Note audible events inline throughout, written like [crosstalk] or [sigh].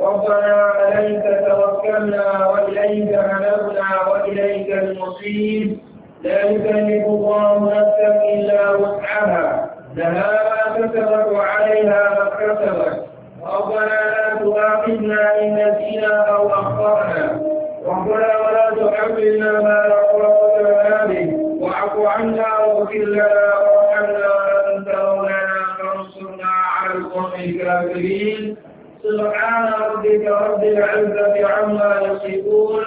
ربنا عليك توكلنا وإليك أنبنا وإليك المصير لا يكلف الله نفسا إلا وسعها لها ما كسبت وعليها ما كسبت ربنا لا تؤاخذنا إن نسينا أو أخطأنا ربنا ولا تحملنا ما لا قوة لنا به واعف عنا واغفر لنا وارحمنا وأنت مولانا فانصرنا على القوم الكافرين سبحان ربك رب العزة عما يصفون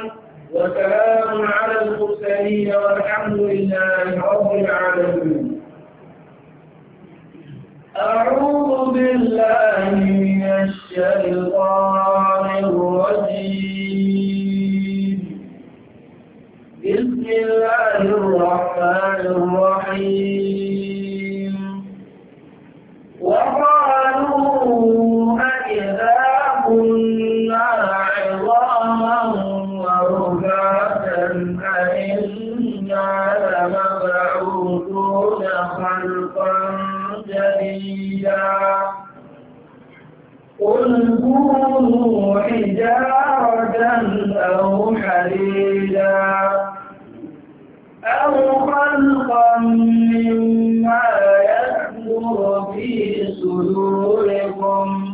وسلام على المرسلين والحمد لله رب العالمين أعوذ بالله من الشيطان الرجيم بسم الله الرحمن الرحيم وقالوا قل كونوا حجارة أو حديدا أو خلقا مما يكبر في صدوركم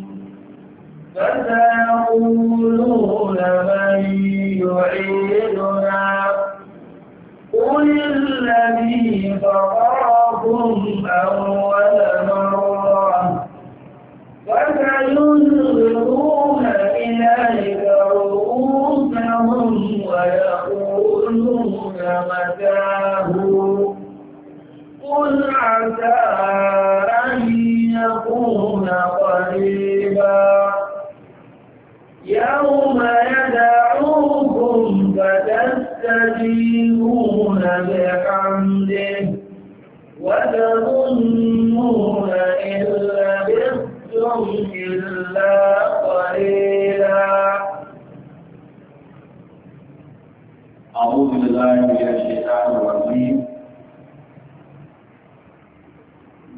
فسيقولون من يعيدنا قل الذي فطركم أول مرة فتعلنهم إليك رؤوسهم ويقولون متاه قل عسى أن يكون قريبا يوم يدعوكم فتستجيبون بحمده وتظنون إلا لبثتم لبثتم إلا قليلا أعوذ بالله من الشيطان الرجيم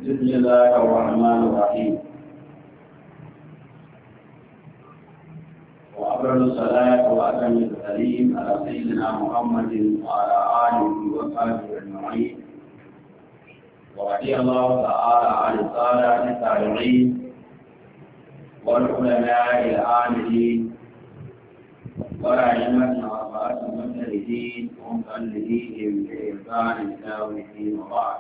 بسم الله الرحمن الرحيم وأبرز الصلاة وأتم التسليم على سيدنا محمد وعلى آله وصحبه أجمعين ورضي الله تعالى عن السادة التابعين والعلماء العاملين وأئمة الأربعة المجتهدين ومقلديهم بإحسان إلى وبعد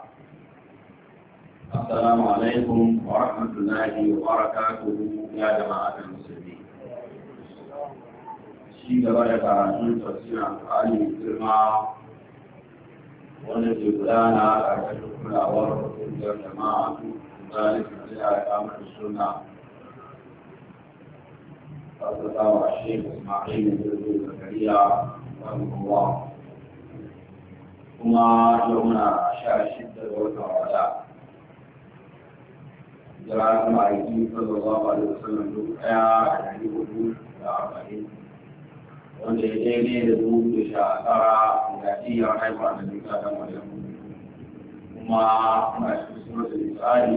السلام عليكم ورحمة الله وبركاته يا جماعة المسلمين ci gaba da karatun tafsirin alƙali mai girma wanda ke gudana a ƙarƙashin kulawar ƙungiyar jama'a وأتقام الشيخ إسماعيل بن زكريا رحمه الله kuma yauna sha shidda da wata wada jira kuma a yi sallallahu alaihi wasallam duk daya a dari hudu da arba'in wanda ya daidai da dubu da sha tara da iya haifa da duka da maryam kuma muna cikin surat al-isra'i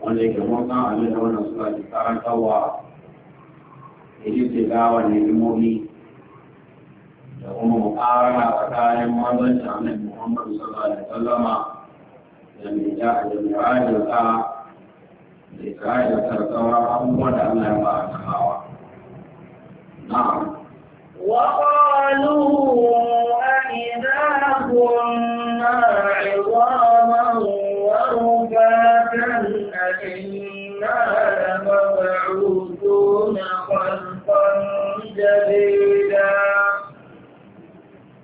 wanda yake mun san abin da wannan sura ke karantarwa da ibtigawa ni'imomi da kuma mukarana tsakanin manzanci annabi Muhammadu sallallahu alaihi wasallama da mai ja'a da mai rajinsa da isra'ila da sauran abubuwan da Allah ya ba a samawa. Na'am. وقالوا أئذا كنا شديدا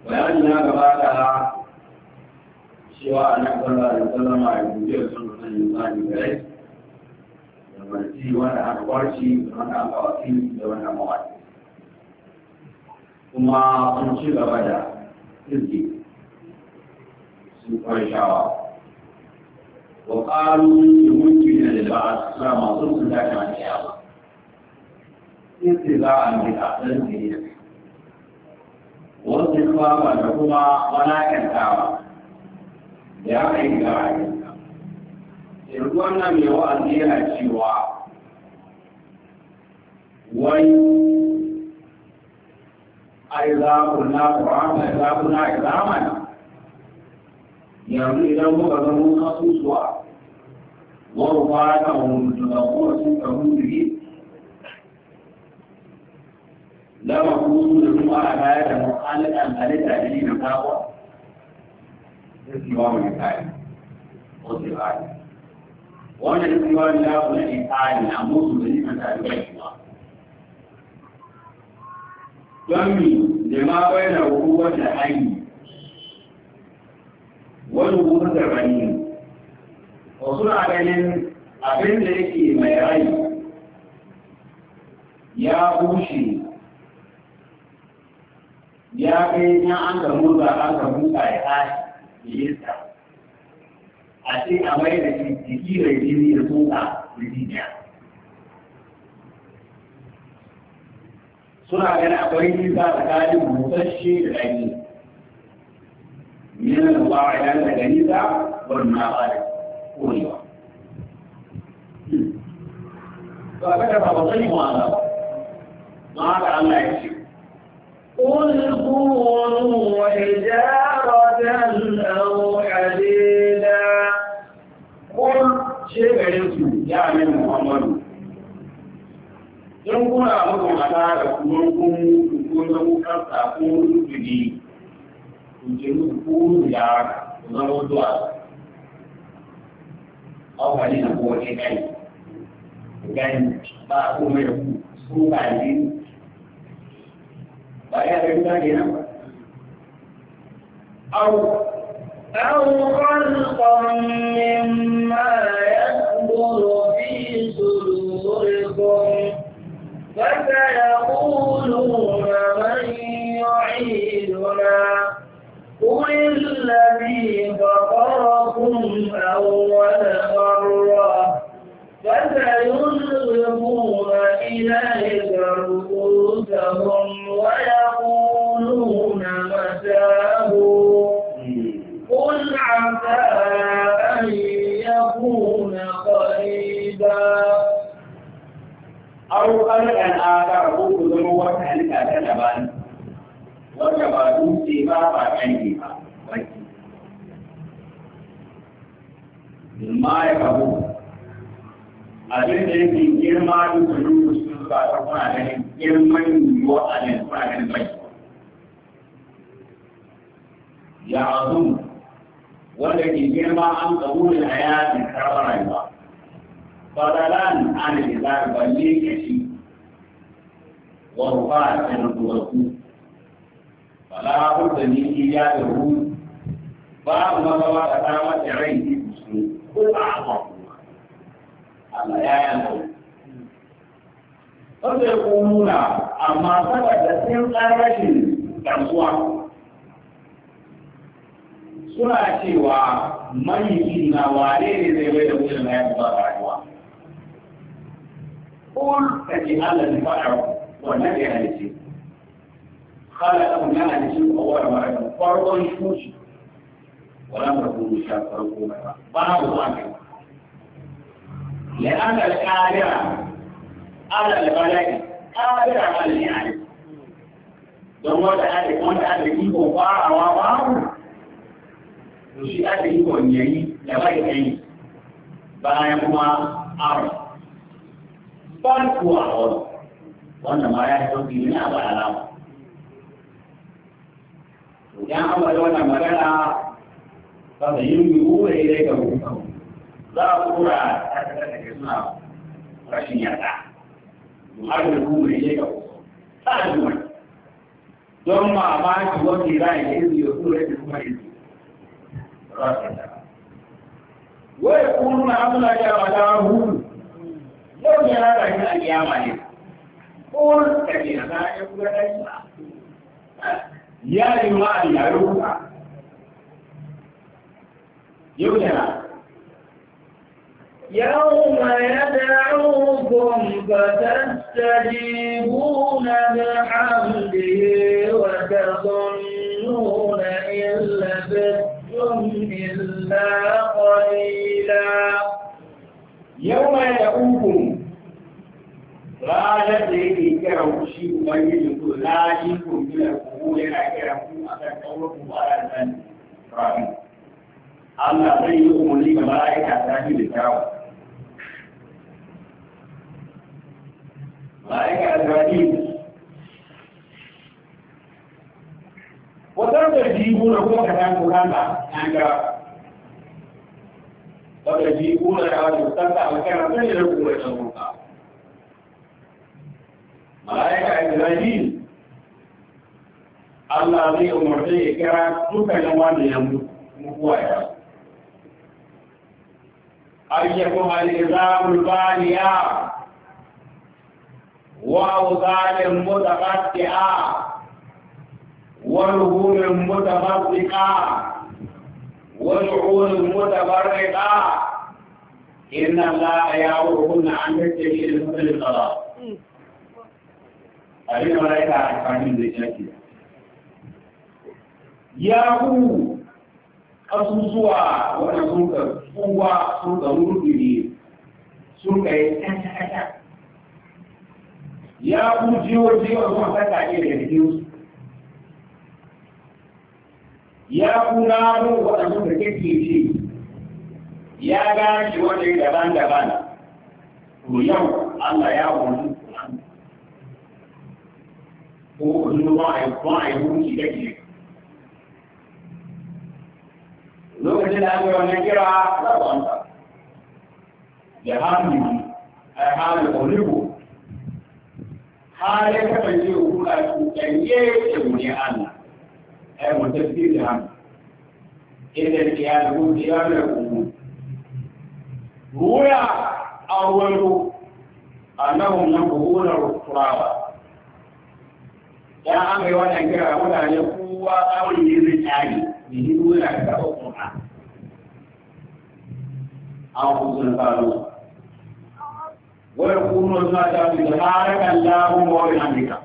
وأن هذا cewa ana kwallo da sallama a guje sun rufe insani gare da marci wanda aka kwarci da wanda aka wasi da wanda mawaɗi kuma sun ci gaba da izgi sun kwarshawa wa ƙaru da mulki na da ba a sura masu sun dace a ciyawa اتباعا بأحسنه واستقامة لهما ولا كتاوى يا أيها الناس إن كنا من وأزيها الشواء wai ai za ku na ƙorama ya za ku na ƙiraman yanzu idan muka zama kasusuwa wani fata wani da kuma sun ƙarfi لا مفهوم للمرء هذا مخالفا للتأهيل فهو استوام الإنسان والصفات وأن الاستوام لا يكون الإنسان أمور لمن تأهيلهما ضمي لما بين وقوة الحي والوقوف الرنين وصنع بين abin da yake mai rai ya bushe ya kai ya an ka murza an ka buka ya tashi da yista a ce a mai da shi jiki mai jini da tsoka da jijiya suna ganin akwai nisa tsakanin busasshe da ɗanye yana da bawa ya daga nisa wani na ɓare korewa ba ka da ba ba sani ma ba ma haka Allah ya ce قل كونوا حجارة أو حديدا قل شبع يا من محمد don kuna muku hada da kuma kun kun zama kasa ko rubudi kun ce muku kuru da ku zama zuwa awali na kowace kai gani ba komai da ku su ba ne وهي بالله نوى نعم. أو أو خلقا مما يكبر في صدوركم فسيقولون من يعيدنا قل الذي فطركم أول مرة فسينغمون إليك رؤوسهم ويقولون متاه قل عسى أن يكون قريبا أو خلقا آخر ko ku zama wata halitta ta daban wanda ba dutse ba ba kanki ba baki ma ya kabu abin da yake girma duk dutse suka a kuna ganin girman yiwuwa a nan kuna ganin bai ya azu wanda ke girma an kabulin hayatin karɓar rayuwa fadalan an da zai balle ke shi wa rufa a cikin rubutu fala hulɗa ne ke ya da rubutu babu mazawa da samar da rai ko a Allah ya yi wanda ya kununa amma saboda sun rashin gamsuwa suna cewa mahimmi na wane ne zai bai da wuce na yadda ba rayuwa kul ka ce Allah ne faɗa wannan ya halice khalaqahu ya halice ko wa mara farkon shuci wala ba ku sha farko ba ba ku ba ne la'an al-qadira على البلاء قادر على الإعادة don wanda ake wanda ake iko farawa babu to shi ake iko yayi da bai kai bayan kuma aro ban kuwa aro wannan ma ya sauki ne a ba alama to dan an bada wannan magana ba da yin yi ko dai dai ga za ku kura ta ta ta suna rashin yarda har da kuma ne ga ta juma don ma ba ki wani rai da yanzu ya kula da kuma yanzu wai kuma Allah ya bada hu yau ya rada shi a kiyama ne ko da ke na ya kula da shi ya yi ma a yaro ka yau ya يوم يدعوكم فتذكرون تستجيبون بحمده وتظنون إن لبثتم إلا قليلا يوم يدعوكم ranar da yake kira ku shi ubangiji ku laji ku bila ku yana kira ku akan kawar ku ba ran nan rabi Allah zai yi umarni ga mala'ika ta bi da kyawu ملائكة أزرائيل وترتجيبون لكم كلام قرآن عند وتجيبون هذا المستمتع وكان من يلقوا ويشربون ملائكة أزرائيل Allah zai umarce ya kira dukkanin wanda ya mutuwa يكون أيها الإنسان البالية وأوزان متقطعة ورهون متفرقة وشعور متفرقة إن الله يأمرهن أن تتقي المسلم صلاة أبي ملايكة أحكام ذي ya ku ƙasusuwa wanda sun ka tsuwa sun ka murgiri ya ku jiwo jiwo zuwa saka ke da biyu ya ku na mu waɗannan da kake ci ya gashi wanda daban-daban to yau Allah ya wani ko kudu ba a yi ba a yi hukunci da ke lokacin da aka yi wannan kira za a wanta da hannu a halin oligo har ya kasance hukuma su ɗanye da muni Allah ai mun tafi da hannu idan ya da mun ya da kuma ruya a wani annahum nan buhuna turawa ya amai wannan kira mutane kowa tsawon ne zai tsari ne ni dole ka karɓa kuma an kusa na faruwa ويكون الله بذلك الله وبحمدك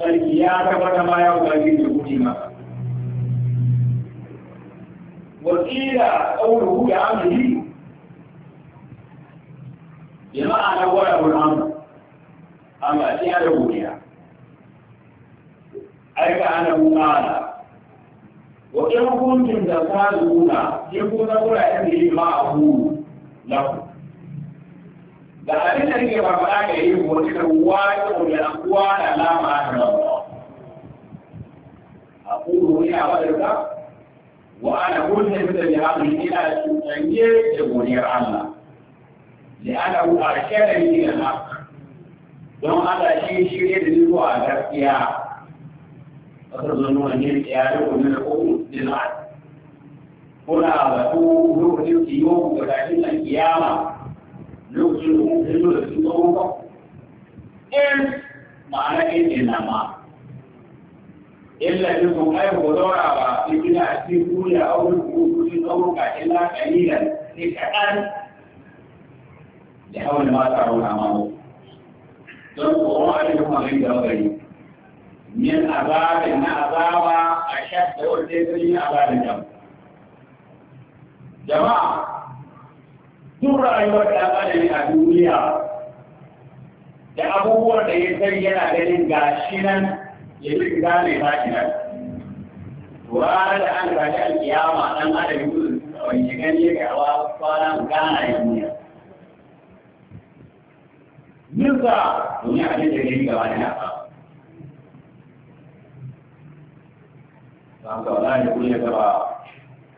فالإياك فكما يغضي بكتما وقيل قوله بأمره بما أنا وله الأمر أما أتيها لبنيا أي كأنا مقالا وإن كنتم تسالون يكون قرأتني ما أقول lahu da abin da nake ba faɗa ga yi wani karuwa ta wani akuwa da lama da lama a kuro ne a wadarka wa ana hulɗe da bi haɗu ina cuɗanye da godiyar Allah لأنه أرشدني إلى الحق don Allah shi shirye da zuwa gaskiya. Wasu zunuwa ne ya yi wani da ƙoƙo da kuna batu lokacin kiyo da kafin nan kiyama lokacin da mun fito da cikin tsohon ba in ma'ana in ne na ma illa in kun kai ko dora ba in kina ci kula a wurin kuɗin tsohon ka illa kalilan sai kaɗan da hawan ma ta rauna ma mu don tsoron a cikin magani da magani min azabin na azaba a shaɗa wanda ya zai azabin jama'a jama'a duk rayuwar da adami a duniya da abubuwan da ya sani yana ganin gashi nan ya fi gane gashi nan to ranar da an gashi alkiyama dan adami mutum kawai shi gani ya gawa kwanan gana ya duniya Nisa duniya a cikin jirgin gaba da nasa. Samu da wala da kulle gaba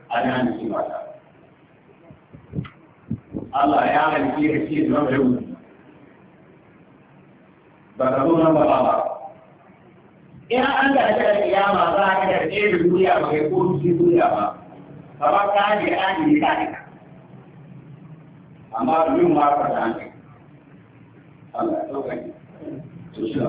a nan shi mata. Allah ya halitta ka ce zama da yau ba ka zo nan ba ba in an ga ta kiyama za ka da ce da duniya ba kai ko ci duniya ba kama ka ji an yi ka ne amma yin ma ka da ne Allah ya dauka ne to shi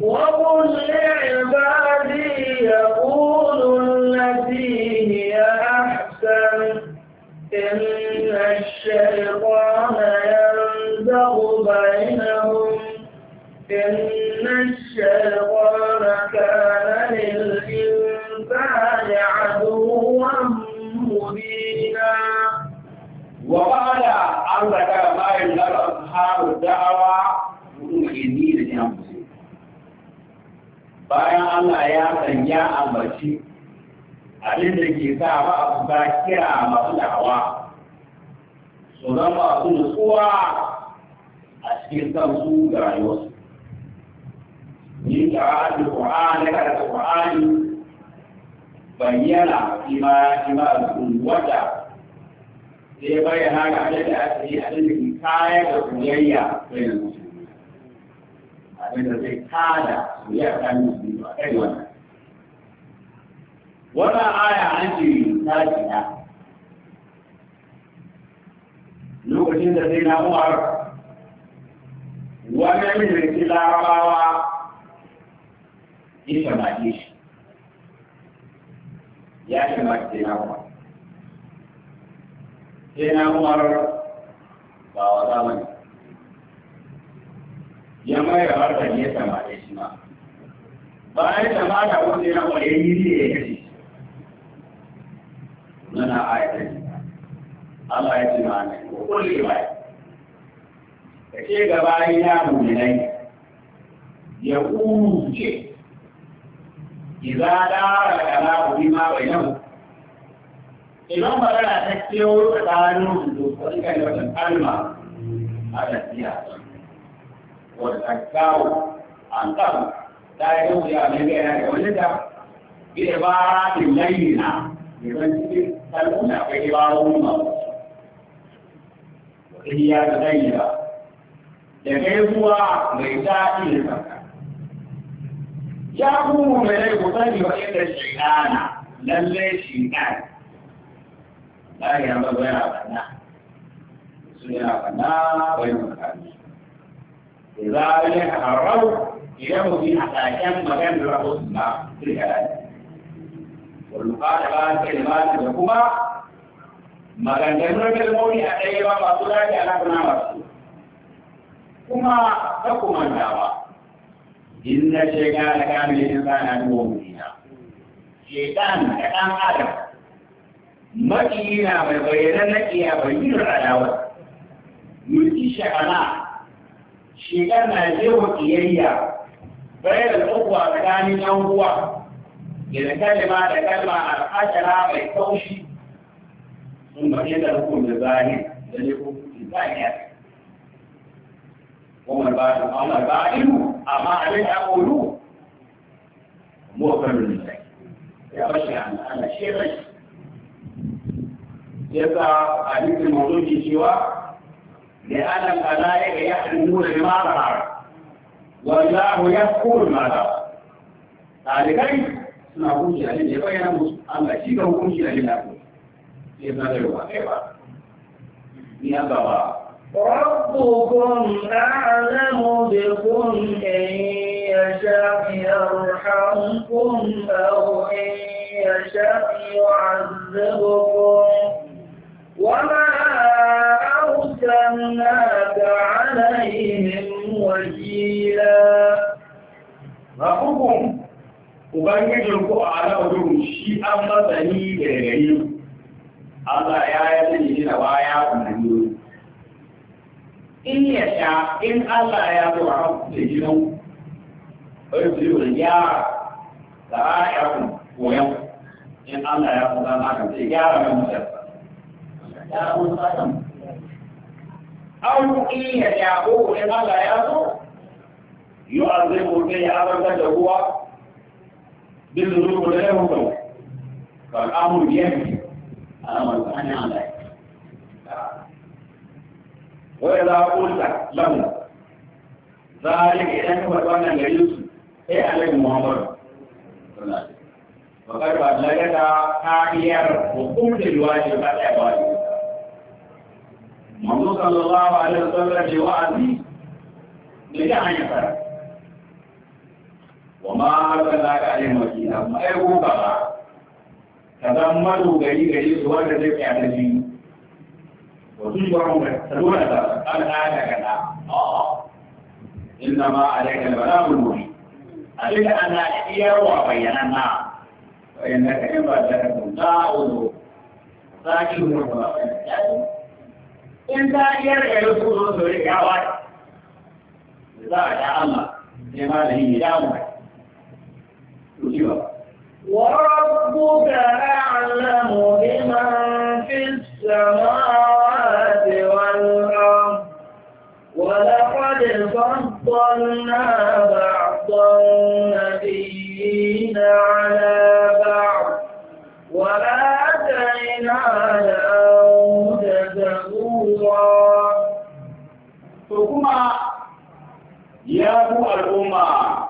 وقل لعبادي يقولوا التي هي أحسن إن الشيطان ينزغ بينهم إن الشيطان كان للإنسان عدوا مبينا وقال أن ما يملك أصحاب الدعوة مؤمنين لأنفسهم bayan Allah ya sanya ambaci abin da ke sa ba a kusa kira masu da'awa su zama su nutsuwa a cikin kansu da rayuwarsu yin ƙara'ar da ƙura'an da kada ƙura'an bayyana ima ima wata sai bayyana ga abin da aka yi abin da ke kayar da soyayya bayan musulmi abin da zai kada ya kan musulmi ba kai wannan wannan aya an ce ta shiga lokacin da sai na umar wani mijirci larabawa ya shamake shi ya shamake sai na umar sai na umar ba wa zamani ya mai da martani ya shamake shi ma bayan shamata wanda ya na umar ya yi ya kashe muna yi. Allah ya ce ma ne ko kulli ba ka ce gaba ina mu'minai ya kuru ce idza dara kala bi ma bainahu idan magana ta kewo tsakanin su to ne wata kalma a tafiya ko da kawo an kawo ta yi yau ya mai gaya da wani da bi ibaratun na. يبقى cikin kalmomi akwai ibarun ma iya da gaira da gaisuwa mai daɗi da kanka ya kuma mai rai ku sani wa inda shaitana lalle shaitan la ya ba ba ya kana su ya kana wai mu kani idan ya harau idan mu bi a taken maganar rabu na kirkara والمقاربة كلمات لكما maganganun kalmomi a ɗaya ba masu lafiya na kuna masu kuma ta kuma dawa in na shiga da kamar yin sana da mummuna shekan da ɗan adam makiyina mai bayanan na iya bayyanar adawar mulki shakana shekan na jewa kiyayya bayar da tsakuwa tsakanin yan uwa للكلمة تكلم على الحشرة بالتوشي ثم يدركوا الباهي يدركوا الباهي وما الباهي أما الباهي أما عليه أقولوا مؤخر لله يا بشي عن أنا شيء بشي يبقى حديث الموضوع في سوى لأن الملائكة يحلمون بما ظهر والله يذكر ما ظهر ذلك suna hukunci a ya bayyana musu Allah shi ga hukunci a jin lafi sai na da yawa kai ba ni an gaba ربكم أعلم بكم إن يشاء يرحمكم أو إن يشاء يعذبكم وما أرسلناك عليهم وكيلا ربكم ubangijin ko a nan shi an masani da gari Allah ya yi shi da baya umarni in ya sha in Allah ya zo a da gidan ƙarfi ya da ya koyan in Allah ya kusa na ka sai gyara mai mutum ya kusa kan an in ya sha ko in Allah ya zo yi arzai ko ya arzai da ruwa بالذنوب ولا يهدوا فالأمر يهدي الأمر أنا عليك وإذا قلت لهم ذلك إذا كنت أنا ليس إيه عليك محمد وقد بلغت تعبير حكم الواجب العبادي محمد صلى الله عليه وسلم جوازي لجعل يفرق وما أرسلناك عليهم وكيلا ما يقول تضمنوا غري غري سوار ذلك يعني وتجبرهم دون ذلك قال هذا آية كذا آه. إنما عليك البلاغ المبين أجل أن أحير وبيننا وإنك إما تكون داعوه ساكن مرحبا إن تأير يسوع ذلك عواد إذا جاء الله لما له دامه وربك أعلم بمن في السماوات والأرض ولقد فضلنا بعض النبيين على بعض وآتينا داود زبورا ثم يا أبو الأمة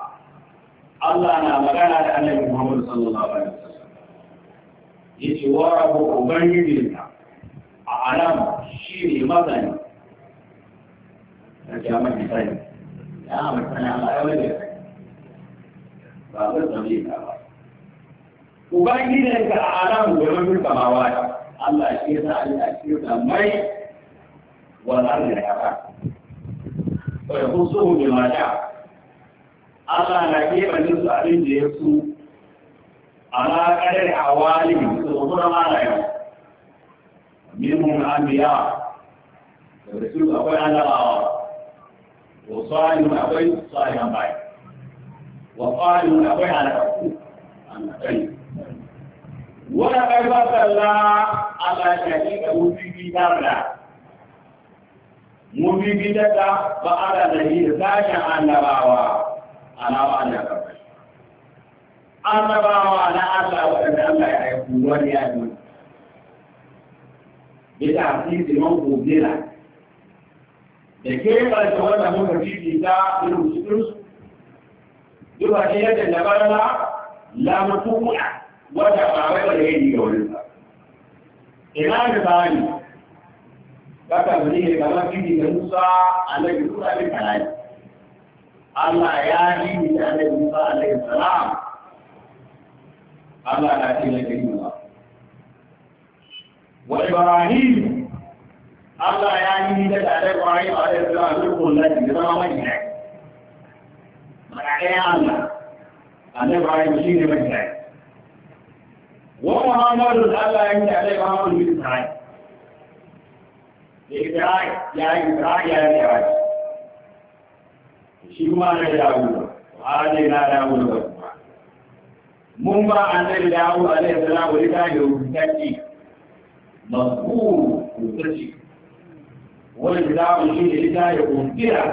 Allah na magana da annabi Muhammad sallallahu alaihi wasallam yace wa rabu ubangijinka a alam shi ne mazani da jama'a misali ya mutane Allah ya wani ba ba zai ka ba ubangijinka a alam da mafi kamawa Allah shi ya sa Allah shi ya mai wal ardi ya ba wa yaqusuhu bima ja'a Allah na keɓanin su abin da ya su ala ƙarar awalin su kuma malayen minhum anbiya daga su akwai annabawa wa salihun akwai salihan bai wa salihun akwai halakaku annabai wani ƙarfa tsalla Allah ya keɓa wufi gida da mun bi gida da ba'ada da yi da sashen annabawa alama da kafai annabawa na Allah waɗanda Allah ya haifu wani ya yi bi ta fi ziman gobera da ke ɓarta wanda muka fi ta irin cikinsu duba shi yadda da barna lamatu kuna wata ba wai wanda ya yi ga wani ba ina da bani kaka zuri ne kamar fi da musa a nan da kura da kalai الله يعني عليه السلام الله لا الله يعني عليه السلام الله يعني عليه السلام الله يعني عليه السلام الله يعني عليه السلام الله يعني عليه السلام الله يعني عليه السلام shi ma na dawo hali na dawo da kuma mun ba an da dawo alaihi salamu littafi rubutacci mazkur rubutacci wani littafi shi ne littafi kuntira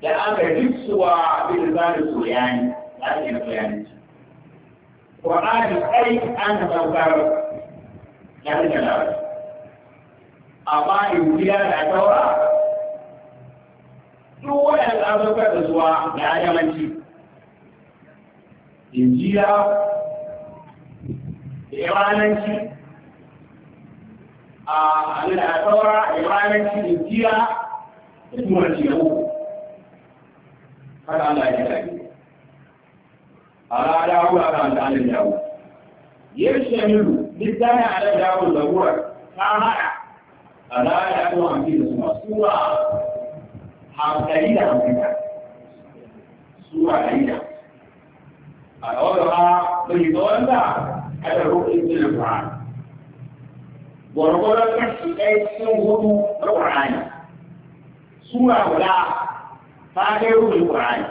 da aka jiksuwa bin zarin soyani zarin soyani Qur'ani kai an ka saukar da harshen Larabci. Amma in gida da taura duk waɗanda an saukar da zuwa da ayamanci injiya irananci a saura irananci injiya da turanci da uku kada Allah ya tafi a rada wula kan da Allah ya wu yarshe milu littafin Allah ya wu zaburar ta hada a rada ko amfi da suna sura hankali da hankali sura ɗaya a ɗaura ha bai tsawon da kada rukin ilin ƙwa'ani gwargwaron kashi ɗaya cikin hudu na ƙwa'ani sura guda ta kai rukin ƙwa'ani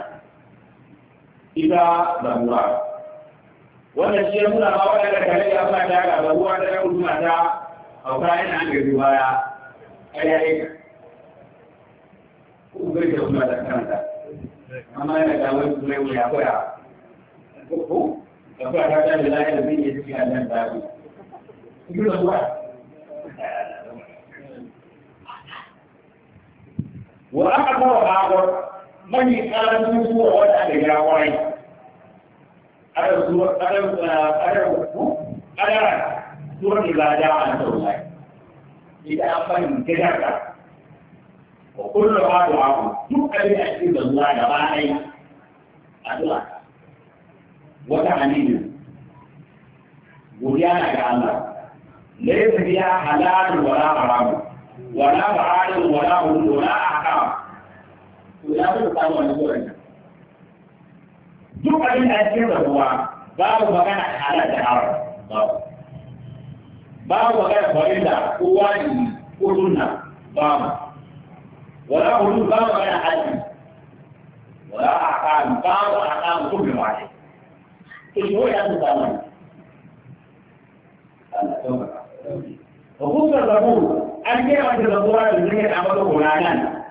ita zaruwa wannan shi ya nuna ma waɗanda kare ya fata ga zaruwa ta ɗaya mutum ta hauka yana an gari baya ƙarya ku gari da kuma da kanta amma yana da wani kuma yau ya koya ko da kuma ta ta da lafiya da zai yi a nan da ku ku da kuwa wa aka kawo akwa mani karan zuwa wata da ya wai ada zuwa ada ada ku ada zuwa da da an tawai idan an fahimta da وكل ما دعاه دكا بتأكيد الله جبالي أدعى وتعليم بنيانا كعلا ليس فيها حلال ولا حرام ولا معاد ولا هدى ولا أحكام ولا تتعلم أن يقول دكا بتأكيد الله باب مكان حلال حرام باب مكان فريدة قوانين قلنا باب ولا علوم بعض ولا حديث ولا أحكام بعض وأحكام كل واحد تشهور هذا الزمان وكنت الزبور أن كان من الزبور الذين عملوا فلانا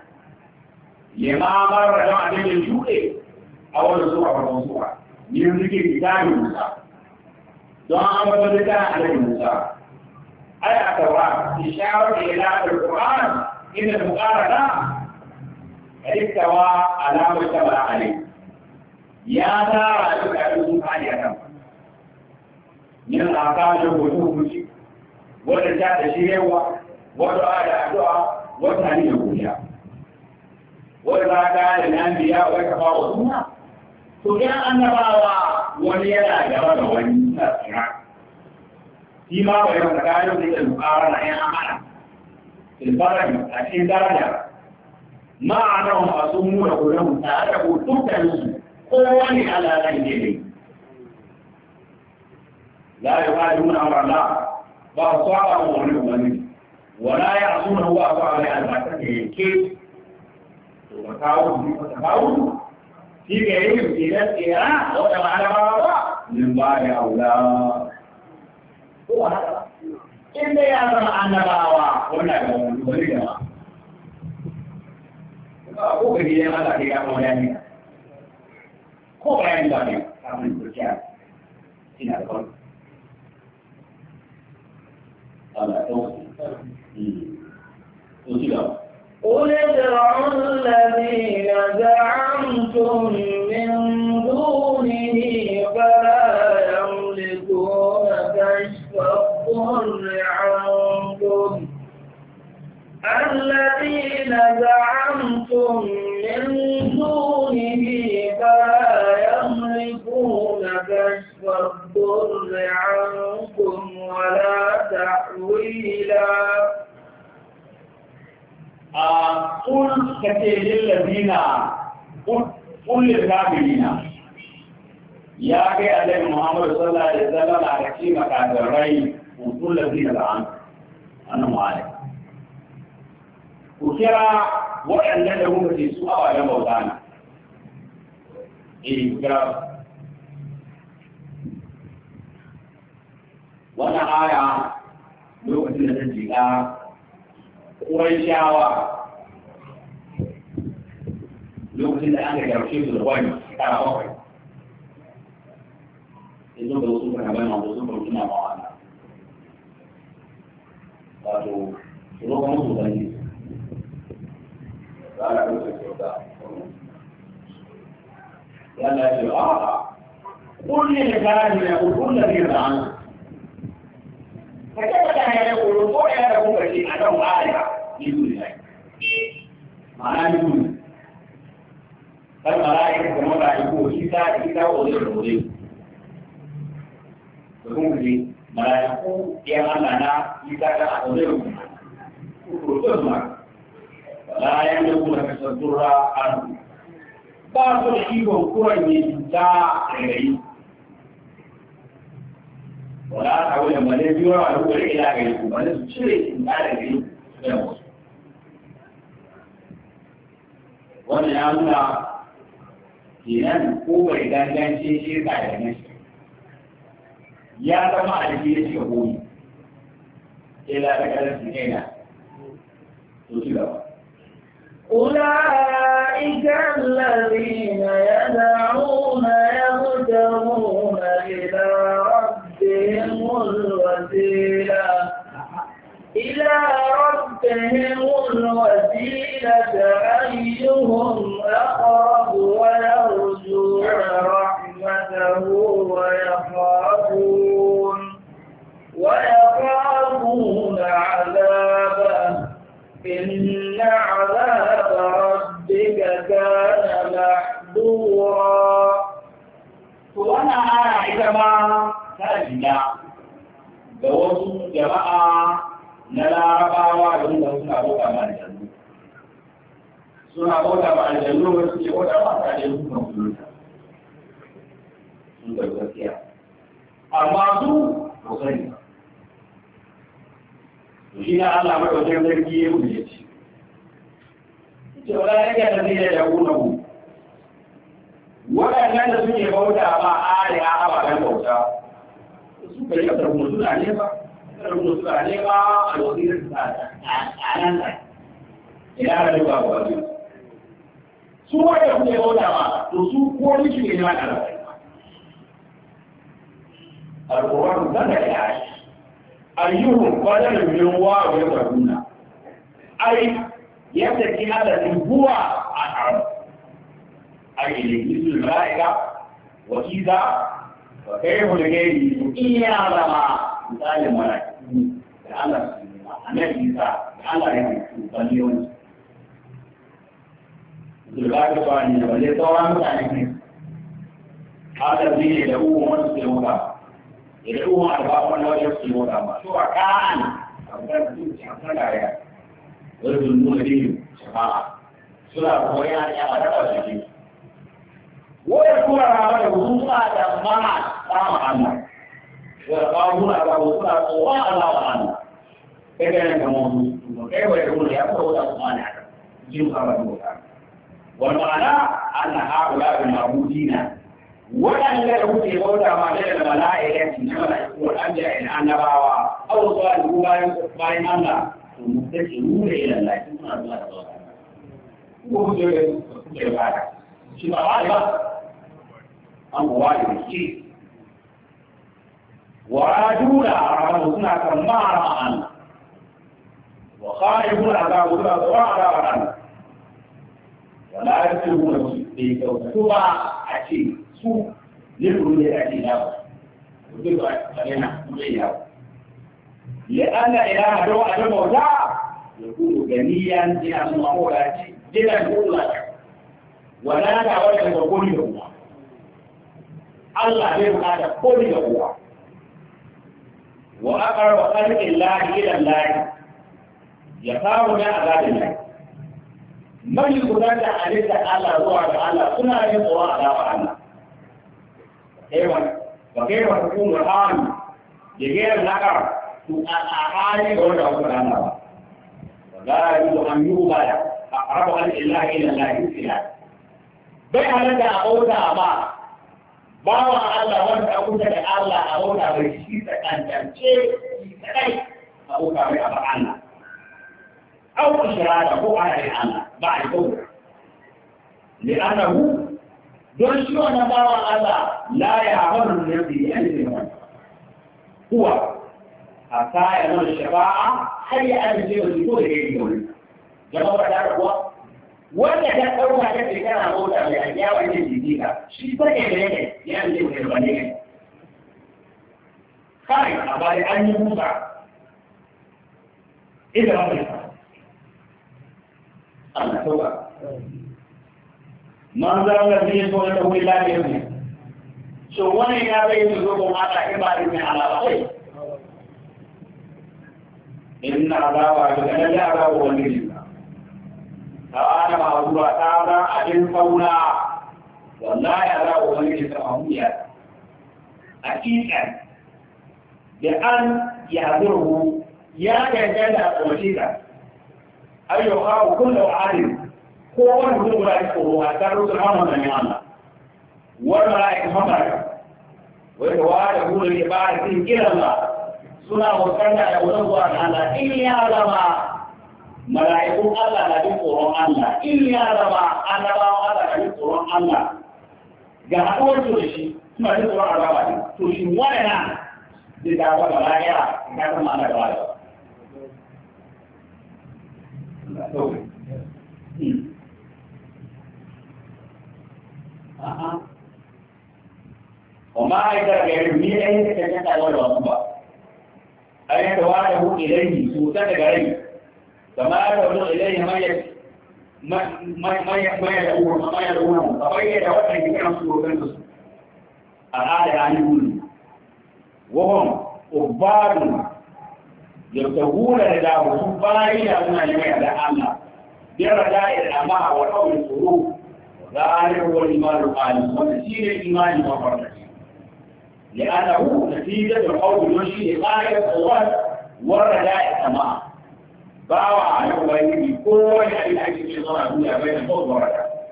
لما مر لهم عن الجوء أول سورة أول سورة من ذكر كتاب موسى دعاء مبارك على موسى أي التوراة إشارة إلى القرآن إن المقارنة استوى على مرتبة عليه يا دار تكلم حاليا من الأعقاب الوجوه والرجاء الشيوة والدعاء الدعاء والثاني الوجوه وإذا كان الأنبياء ويتفاوضون سجاء النبوة وليلا جبل وليلا فيما بين تكالب المقارنة يا أمانة في البركة أكيد درجة ma'anahum asummu rabbahum ta'arafu dukkanin kowani ala kan gele la yuqaduna amra la ba sa'a wa wani ولا يعصونه وأطاع لأربعة كيف وتعاون وتعاون في غير امتلاك إيران وتبع على بعض من بعد أولى هو هذا إن يرى أن بعض قلنا له ko ka biya Allah da ya kawo bayani ko bayani da ne kafin kurciya ina da kawai Allah ya kawo hmm. قل ادعوا الذين زعمتم من دونه فلا الذين زعمتم من دونه فلا يملكون كشف الضر عنكم ولا تحويلا آه، قل كتير الذين قل للكافرين يا كي النبي محمد صلى الله عليه وسلم على كلمة كافرين وقل الذين زعمتم أنا مالك ku kira waɗannan da kuka ce su awa na maulana eh kira wannan aya lokacin da ta jiƙa ƙurai shawa lokacin da an ga ƙarshe su da wani shekara bakwai yanzu ba su kan gana ba su kan tuna ma wannan wato su roƙa musu ubangiji قال عروس السوداء قال لا آه قل للكافر يقول كل ذي عنه فكيف كان يقول قل يا له بشيء أنه آلهة بدون ذلك معناه بدون فالملائكة والملائكة إذا إذا أضيف أضيف تكون في ملائكة يا من لنا إذا كان أضيف أضيف لا يملكون كسر عنه ba su da ikon kuranye cuta rairayi wala ta wuce mane biyu a duk wani ila gari ku mane su cire cuta da gari da wasu wanda ya nuna kenan ko bai dangance shi ka da nan ya zama a jiki ya shiga goyi ila da karin su kaina to shi gaba أولئك الذين يدعون يبتغون إلى ربهم الوسيلة إلى ربهم الوسيلة أيهم أقرب ويرجون رحمته ويخافون ويخافون عذابه إن عذابه كان محذورا وانا انا عندما تجنا دوس جماعة نلا رباوا دون دوس نبوة مع الجنة suna bauta ba aljannu ba suke bauta ma ta da yankunan musulunta sun karbi gaskiya amma su Ko sani shi ne Allah madaukakin sarki ya mutu da ce ce wala yake da zai da kunahu waɗannan da suke bauta ma ari a ababen bauta su kai kasar suna ne ba kasar suna ne ba a wasirin a nan da ina da duka ba wajen su wanda kuke bauta ba, to su ko shi ne ma da alƙur'an zan da ya ayyuhun kwanan biyan wa wa ya ai يبدأ هذا هو أعرف أي مثل الملائكة وإذا وكيف لغيره إن يعلم مثال الملائكة لعل أنا إذا لعل يمكن بليون الملائكة فاني بلي طبعا مثالي هذا الذي يدعوه من يسلمك يدعوه أرباب من لا يسلمك شو كان أبدا تقول شو كان ورد المؤمنين شفاعة سورة قوية يعني يا مدرسة شكي ويكون على وصوصة جماعة قام عنا ويقامون على وصوصة قوة على عنا كيف ينكمون كيف يقول يا أبو الأسمان هذا جيم خبر والمعنى ومستشعرون إلى الله ثم الله تبارك وهو يبارك شبه غالبة أم غالب الشيء وعاجون أعرفه سنة كما أعرف عنه وخائفون أعرفه سنة كما أعرف عنه ولا يسلمون في كوكبة أشيء سوء نفر من الأشياء وذلك أشياء لأن إله هو الموتى يكون جميعا إلى المقولة جدا الأولى ولا تعود لكل يوم الله يبقى كل يوم وأقرب خلق الله إلى الله يخافنا على الله من يقولون عليك على الله على سنة يقوى على الله وكيف تكون الحال لغير نقر تقارعي ولا أقرأنا ولا يجوز أن يوبل أقرب عن الله إلى الله إلى bai halatta a bauta ba bawa Allah wanda kusa da Allah a bauta bai shi tsakantance shi kadai a bauta bai a ba Allah أو إشارة هو على الأمر بعد دورة لأنه دون شو أنا باوى الله لا يعمل الذي يلزم هو حتى ينال الشفاعة هل أنزل الجهود يجيبون جماعة تعرف هو ولا تقول هذا كان أقول أبي أجا وأنت جديدة شو بقى يعني يعني جهود الغنية خارج أبالي أن يموت إذا ربنا الله هو ما زال الذي يقول له إلا يوم شو وانا يا بيت الزوج ما تعبان إيه من على رأيه إن عذاب جهنم لا عذاب والنبي فأنا معذورة تعالى أجل قولا والله عذاب والنبي فأمية حقيقة بأن يعذره يا جهنم وشيدا أي يخاف كل عالم هو من هو رأيته حتى رسل عمنا من الله والملائكة مطرقة ويتوالى كل العبادة إلى الله suna wakana da wadawa Allah in ya raba mala'ikun Allah da jin tsoron Allah in ya raba annabawan Allah da jin tsoron Allah ga haɗuwar su da shi suna jin tsoron azaba ne to shi wannan zai ta ga mala'ira ta san ma'ana da wadawa A'a. Kuma aikar gari ni ɗaya ta kenta wadda wasu ba. أن يتواره إليه سوسة غري كما يتواره إليه ما يت ما ما ما يدعونه ما يدعونه فبين يتواره بكنا سوسة أراد أن يقول وهم أبار يبتغون لله سبحانه لأننا لمن الله برجاء الأماء وحول القلوب ذلك هو الإيمان القائم وتسير الإيمان المفرد لأنه نتيجة الحوض المشي لغاية الغد ورداء السماء باوى على الوائد بكل هذه الحاجة في الشيطان أقول بين الحوض ورداء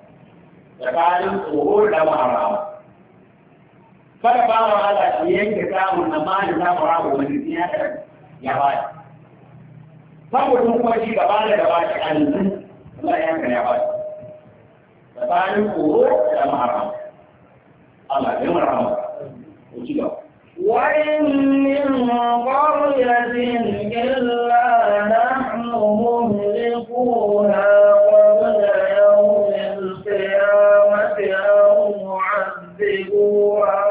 فقال الظهور لما رأى فباوى على سيين كتاب النمان لما رأى ومن الدنيا يغاد فقل هم وشي كبالة دباشة عن الزن لا يمكن يغاد فقال الظهور لما رأى الله يمر رأى ku ci وإن من قرية إلا نحن مهلكوها قبل يوم القيامة أو معذبوها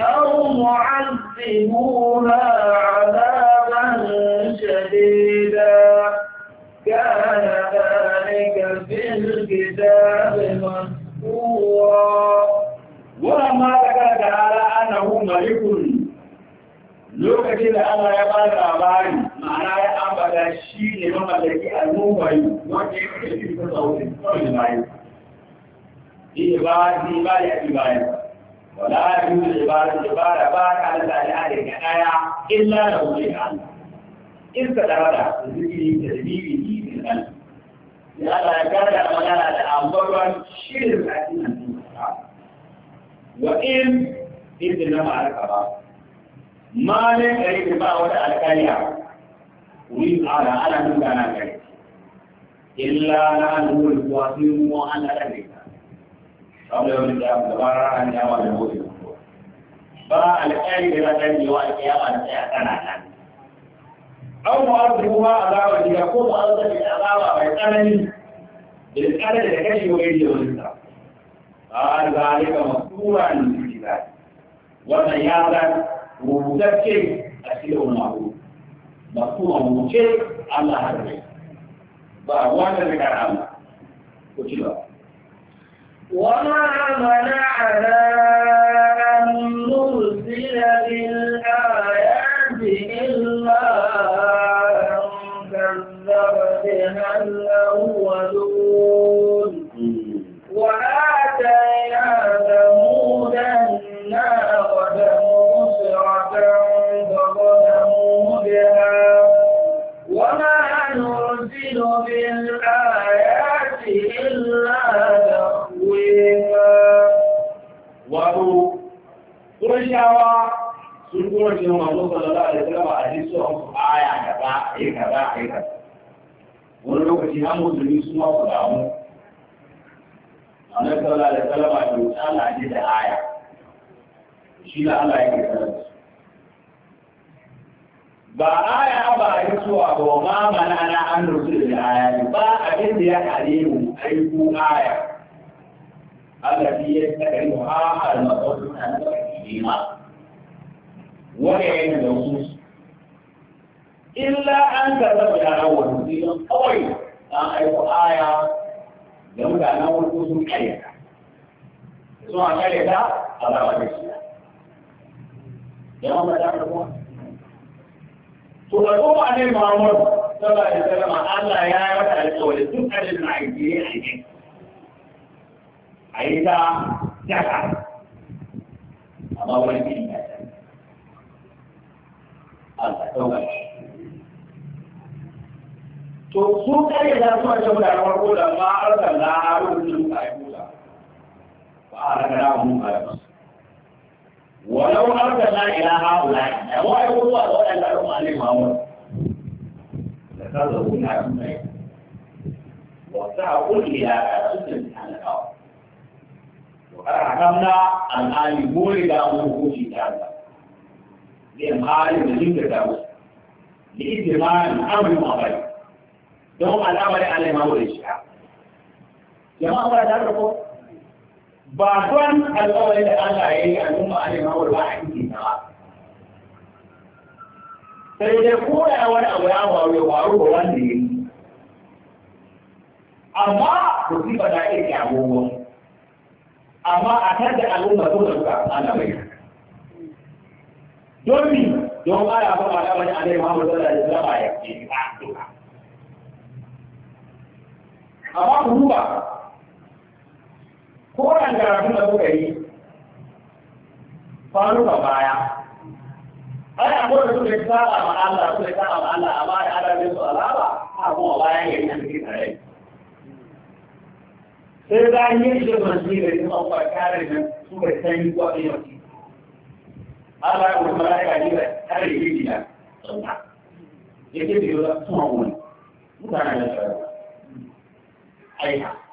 أو معذبوها عذابا شديدا كان ذلك في الكتاب مسطورا ولما da تعالى أنه Malikun, lokacin da Allah ya ba labari ma'ana ya ambata shi ne mamallaki al-mubayi wanda ya fi shi ta sauri kawai da bayan ibadi ba ya fi bayan wala yi da ba da ba ka da tsariya da ga daya illa da wuri Allah in ka dara da zikiri da zikiri ne da Allah ya gargara magana da ambaton shirin a cikin وإن إذ لما أركب ما لم يريد بعوة الكريا وإن على على من كان كريم إلا أن هو الواثم وأن أريد أو يوم الدين أو يوم الدين أو يوم الدين أو يوم الدين أو يوم قال ذلك مكتوبا في الكتاب والعياذ ومذكر أسير معروف مكتوبا موجه الله هذا وأنا ذكر الله وجل وما منعنا أن نرسل بالآيات إلا أن كذب بها الأولون 那我真不想错过这幕别，我拿着几多片阿呀，几多呀的花，我都不想啊，全部都写到我肚子上。这他妈还是说阿呀的吧，阿呀的吧，阿呀的。我如果写到我肚子里面，我不要吗？他们说的这他妈都是阿呀。shi na Allah yake karanta ba aya ba a yi suwa ba wa ma mana na an rusu da aya ba abin da ya hare mu aiko aya Allah shi ya tsakari ha al matsaurin an da ke ma wani ya yi da wasu illa an karɓa da yaran wani sai kawai an aiko aya da mutanen wani sun karyata sun a karyata a zamanin shi jama'a da kuma to da kuma annabi Muhammad sallallahu alaihi wasallam Allah ya yi masa alƙawari duk annabi na aiki ne a yi a yi ta jaka amma wani gini ya ta Allah ɗaukar to su kare da su a shabu da farko da ma'arkar na harin da su ka yi kusa ba a raka na mu ka yi ولو أرسلنا إلى هؤلاء لو يقولوا هؤلاء لا يقوم عليهم أمر لكذبوا لهم وسعوا إلى أسلم عن الأرض وقد حكمنا الآن بولد أمره في ذلك لإمهال مجيب الدوس لإتمام أمر مغرب لهم الأمر على ما هو الإشعاع جماعة الله تعرفوا ba don alƙawarin da Allah ya yi al'umma a nema wala a yi ba. Sai dai koya wani abu ya wawe waro ga wanda ya yi. Amma musiba na iya kyamowa. Amma a kan da al'umma sun da suka ana bai. Don mi don ƙara ba ma kamar a nai Muhammadu Sallallahu Alaihi Wasallam a yake ta duka. Amma ku duba koran karatun da kuka yi kwanuka baya ai a kowane su tsara ma Allah su tsara ma Allah amma da Allah ne su alaba a kuma bayan yayin da suke tare sai da yin shi manzi da kuma farkarin nan su da san ko a yau Allah ya kuma malaika ne da kare yi da sunna yake da yau da kuma wani mutanen da tsara aiha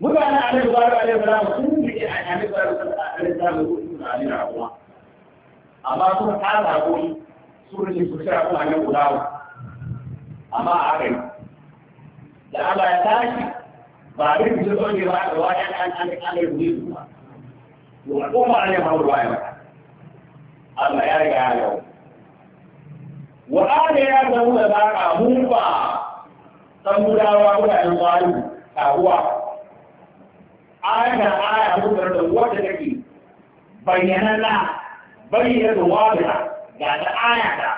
mutane a nan zuwa da zama sun yi a yanar zuwa da zama ko suna a nuna kuma amma sun tsara ko sun rage su shira kuma nan guda amma a haka yi da Allah ya tashi ba rin da zo ne ba da wani an an an yi rubi kuma to al'umma an yi ma ruwa ya mata Allah ya riga ya yau wa ala ya zama da ba mun ba san gudawa gudanen kwari karuwa aya da aya mutar da wadda take bayyanana bayyana wada ga da aya da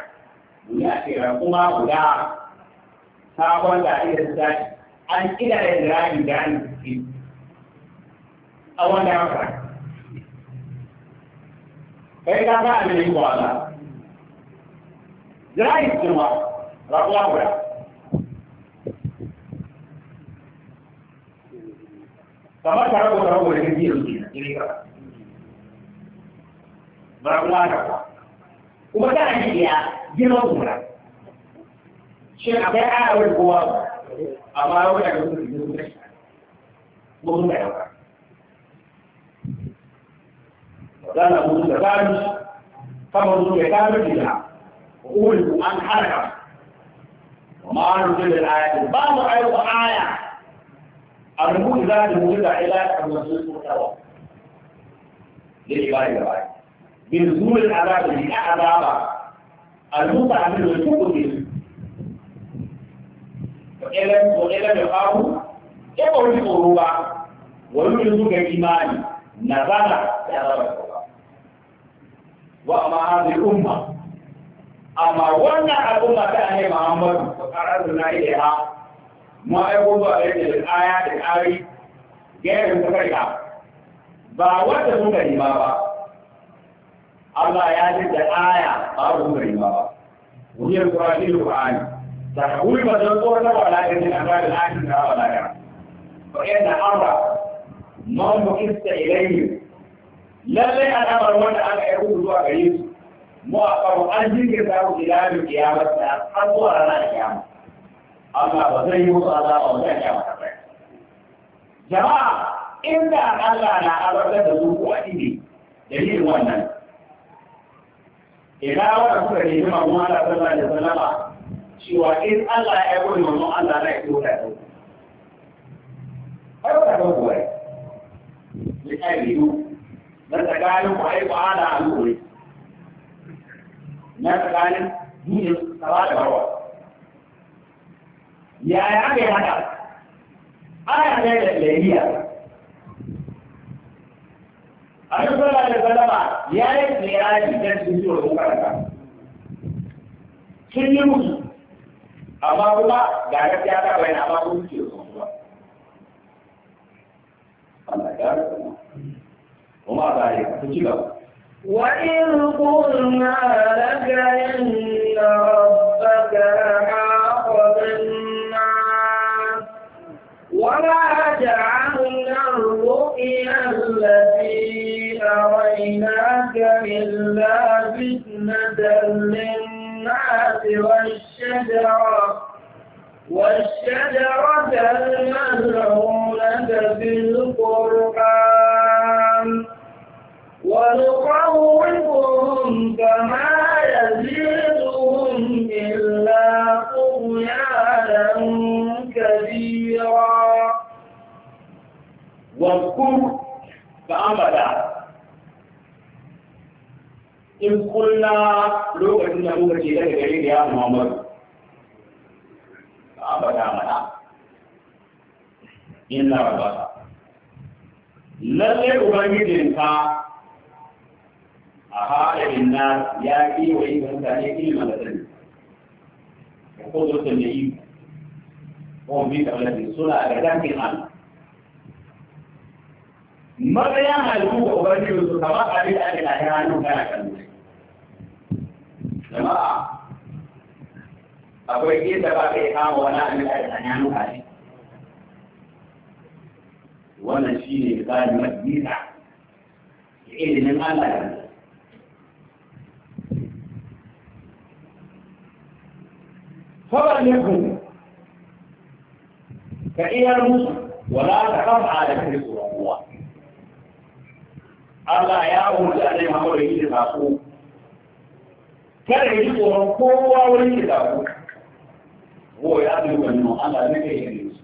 ya kira kuma guda sabon da ake da tashi an kira da jirani da an yi a wanda ya fara kai ka ga abin da yi ba za jirani kuma rakuwa guda kamar ka rago ka rago da gaji yanzu kenan ne ka ba kuma haka kuma kana ji ya girma kuma shin akwai ƙara wani kowa ba amma wani da kuma su ne ko sun kai ba za na mutu da zaɓi kama mutu da kamar da ko an haraka وما نزل الآيات بعض أيضا آية الرجوع ذا الوجود إلى الرسول المحتوى للعبادة العبادة بنزول العذاب من أعذاب المتعمل الكفر به وإلى وإلى يقام إيه يقول القروبة ويوجد كإيمان نزل بعذاب القرآن وأما هذه الأمة أما وانا الأمة كأني محمد فقررنا إليها ma aiko zuwa gare da kaya da kari gare da tafarka ba wanda sun gari ma ba Allah ya ce da aya ba wanda sun gari ma ba wuriyar Qur'ani da Qur'ani ta huli ba da tsoron da wala ga din Allah da akin da wala ga fa inna amra man bu kista ilayhi lalle al'amar wanda aka yi rubutu zuwa gare su mu a karo an jirgin da ku ila da kiyama ta har zuwa ranar kiyama Allah ba zai yi musu azaba ba zai kama ta Jama'a inda Allah na azabtar da su ko ne dalilin wannan. Ina wanda kuka ne jima kuma Allah sallallahu alaihi wasallama cewa in Allah ya gudu mamman Allah na ya tura da su. Ai ba ta ga kuwai. Ni kai biyu. Na tsakanin ku ai ba da alƙuri. Na tsakanin ni da tsara da barwa. ya ya ake haka ana ne da lafiya a duk sallah da sallama ya yi tsirani don su zuwa kokarta sun yi musu amma kuma ga gaskiya ta bayan amma sun ce su ba Allah ya rasu kuma ba ya ku ci gaba وإذ قلنا لك إن ربك معك إلا فتنة للناس والشجرة والشجرة الملعونة في القرآن ونخوفهم كما يزيدهم إلا طغيانا كبيرا واذكر فأمدا إن قلنا لوك أنه لوك جيدا كبير يا محمد أبدا منا إلا ربك للي أبنجدين فا أهار الناس يأتي وإن كان كلمة لسنة وقدرة النعيم وهم بيك الذي صلى أبدا في الحال مرة يا هلوك أبنجدين فا أبدا أبدا أبدا أبدا أبدا jama'a akwai inda ba ka yi kama wani abin da ya sanya nuka ne wannan shi ne misali madina da ilimin Allah ya Sabar ne ku ka iyar musu wala ta kafa da kai tsoron Allah ya wuce a ne mamuru yi da sako kada yi tsoron kowa wurin da ku wo ya bi wannan Allah ne ke yin su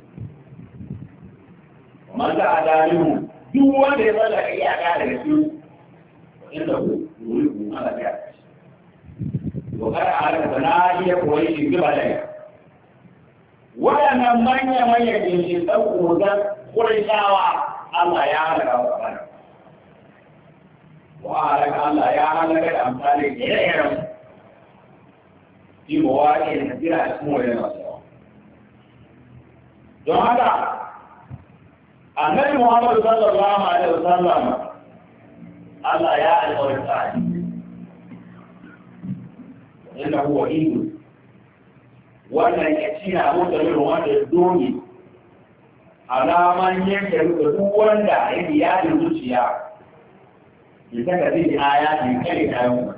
man da adalimu duk wanda ya bada iya ka da su inda ku wuri ku Allah to kada a rika na iya koyi shi gaba da waɗannan manya manya din shi dan kurzan kurjawa Allah ya halaka wa wa halaka Allah ya halaka da amfani da yaran bí mo wá ní nàìjíríà tí mo rẹ̀ lọ́sẹ̀ wọn. John Hada, wọn lọ́dún sọ́dọ̀ bá wà ní ọ̀sánlá mọ̀, Allah ya huwa Hindu, ya ci na mutane wanda ya dole alaman ya rufe wanda ya biya ya saka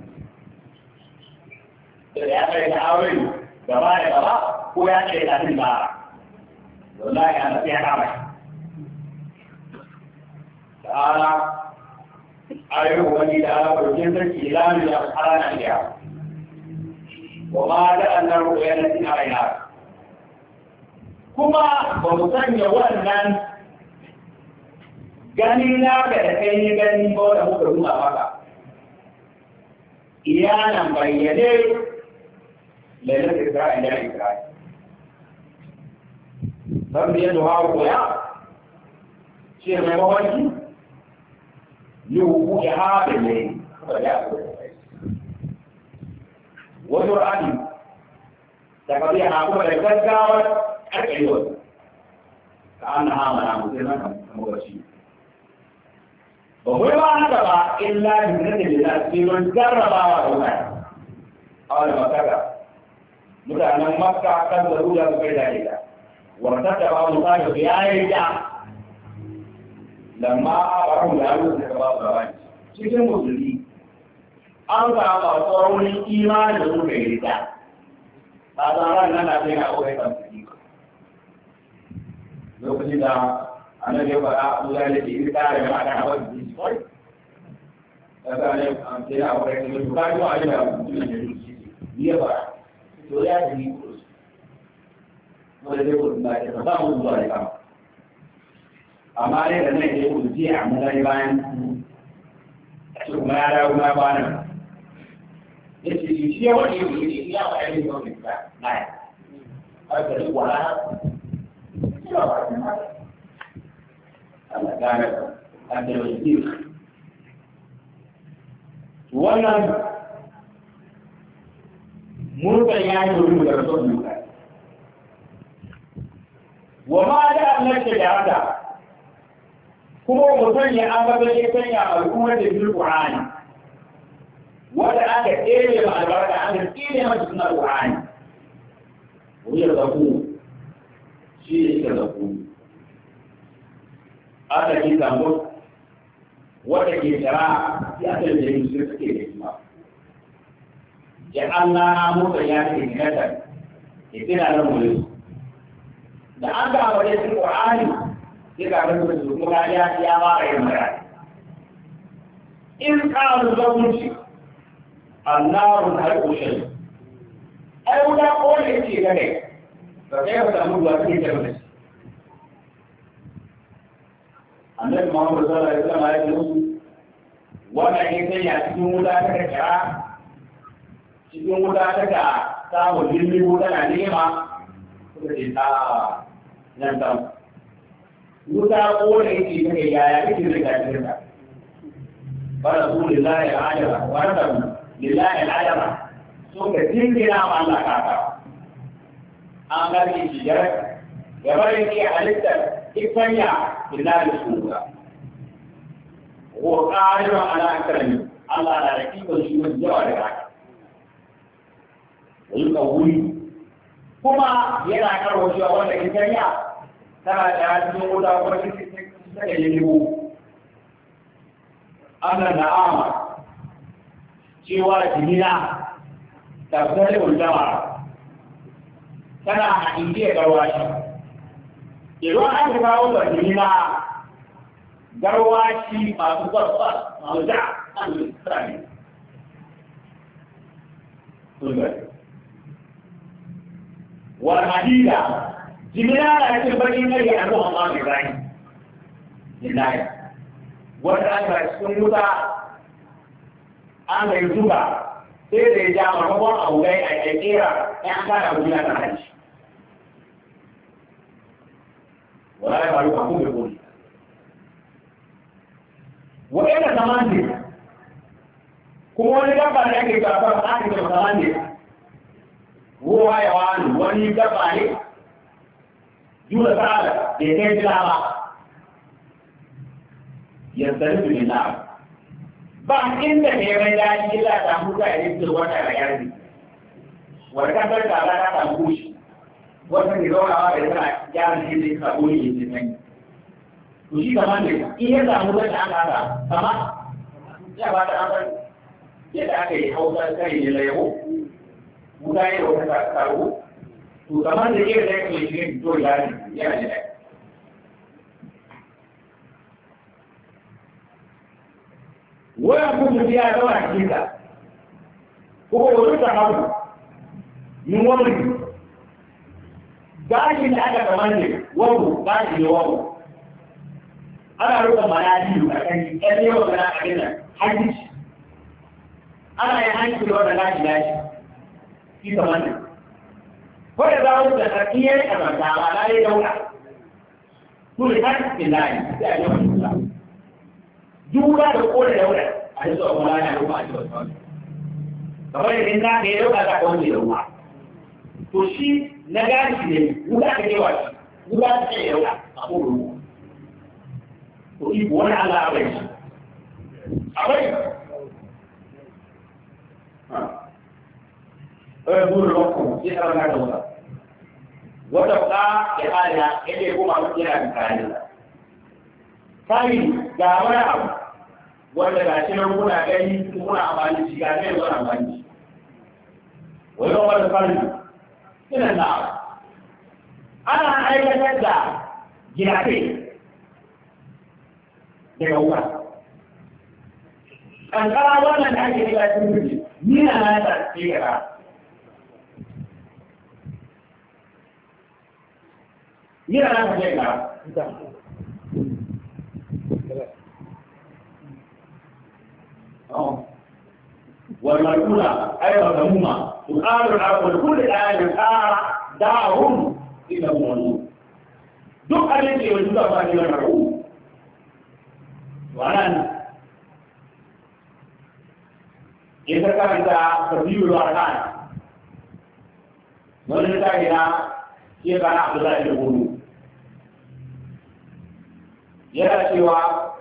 da ya kai da aure gaba da gaba ko ya kai da cin bara wallahi an tsaya da mai ta'ala ayu wani da ala burkin sarki ilamu ya harana ya wa ma da annaru ya nasi aina kuma ba mu sanya wannan gani na ka da kai gani ba da muka nuna maka iyalan bayyane ليلة إسراء إلى إسراء فمن يدعى الرؤيا شيء ما يواجه لوقوعها بالليل وجرأة تقضيها قبل الكذاب العيون كأنها منام زمن مبشر وهو ما نتبع إلا بإذن الله في من جرب وعمل أول ما كذب mutanen makka kan da ruda su kai dare da wata da ba mu sai da yayi da lamma ba mu da ruwa da ba ba ba cikin musulmi an ga ba tsoron imani da ruwa da da ba da ran nan da sai ga kai kan lokacin da annabi ya faɗa Abu Jahal da Ibn Tare da aka hawa da shi kai da ga ne an sai a kai da ba ko a da mutum ne ya faɗa to ya tafi kuɗi wanda zai kuɗin ba ya ba mu zuwa ya kama amma dai da nan ya kuɗi jiya a mazari bayan su kuma ya dawo ma kwana ya ce shi shi ya wani yau ya ce ya wa ya yi wani ba na ya har da duk wala Allah gane ka, an da wani wannan منكر يعني يريد الرسول منكر وما da annabta da haka kuma mutum ya ambata ya sanya al'ummar da bil qur'ani wanda aka tsere ma albarka aka tsere ma cikin alqur'ani wuyar da ku shi ne da ku aka yi tambo wanda ke tara ya ta da yin shirka ke da kuma ya Allah mu da ya ce ne da ya tira nan mu da an ga abare shi Qur'ani ya ga ran da su kuma ya ya ba ya mara in qalu zawji annaru al-ushri ai wuta ko ne ce da ne ba sai ka samu ruwa cikin da ne annabi Muhammad sallallahu alaihi wasallam ya ce wannan in sai ya cikin wuta ta kira cikin wuta ta ga samun jirgin wuta na nema suka ce ta nan ta wuta ko da yake ta yaya kake zai ga cikin ta bara su lillahi al'ajaba wa ta lillahi al'ajaba suka jirgina ma Allah kaka an gani shi jar gaba yake halittar ifanya lillahi suka ko ƙarin ala akaramin Allah na da kikon shi mai da daga rika kuma yana karo cewa wanda in kariya tana da cikin wuta kuma cikin sai ya yiwu na na'ama cewa jimina tafsirin ulama tana a indiya garwashi idan an kawo wa jimina garwashi masu gwarfar masu da an yi tsirani والحديدة جميلة لكن بني مري أنه الله إبراهيم لله وأنت سنوتا أنا يزوبا sai da ya ja maimakon abu gai a ƙirƙira ya an kara abu yana hajji. Wala ya faru kafin da koli. Wa'ina samaniya, kuma wani dabba da ake kafar ake kafar samaniya, هو حيوان وني دبعي جوه سالة بيتين جلابا ينصرف لله ba inda ne mai daɗi illa ta muka yi rikin wata da yarbi wata ta da za ta samu kushi wata ne zaunawa da tana yaran shi ne ka goyi yin jin nan to shi kamar ne in ya samu wata an kasa kama ya ba ta an san yadda aka yi hausa kai ne na yabo mutane da wata ta taro to kamar da yau da yake shi to ya ne ya ne wannan kuma ya zama hakika ko wani ta hawo min wani gashin da aka kamar ne wawo gashi ne wawo ana rufe manadi a kan ɗan yawan mana a gina hajji ana yin hajji da wannan gashi gashi kisan wannan ko za mu da tsakiyar karanta ba na yi dauka kuri ta cikin layi sai yi wani kula duba da kore dauka a yi zuwa kuma ya rufa a ji wasu wani kamar za ka yi dauka za ka wani to shi na gani shi ne wuka ka shi wuka ka a to wani Allah a bai shi ɗaya lokacin ya tsara na da wata wata ba ya hada ya ne kuma abin yana da kayan da kari ga wani abu wanda ga shi nan kuna gani kuna amfani shi ga ne wani amfani wani wani fari suna na abu ana aikatar da girafe daga wuta kankara wannan da ake yi a cikin ni na na ta tsira Ini adalah bagian dalam. Walmarula ayat al-Muma. Tuhan al-Qur'an ayat al-Qur'an dahum tidak mengalami. Duk ada yang juga bagi orang ramu. Tuhan. Ia kita berdiri luar kan. Mereka kira siapa nak berlari berbunuh. yana cewa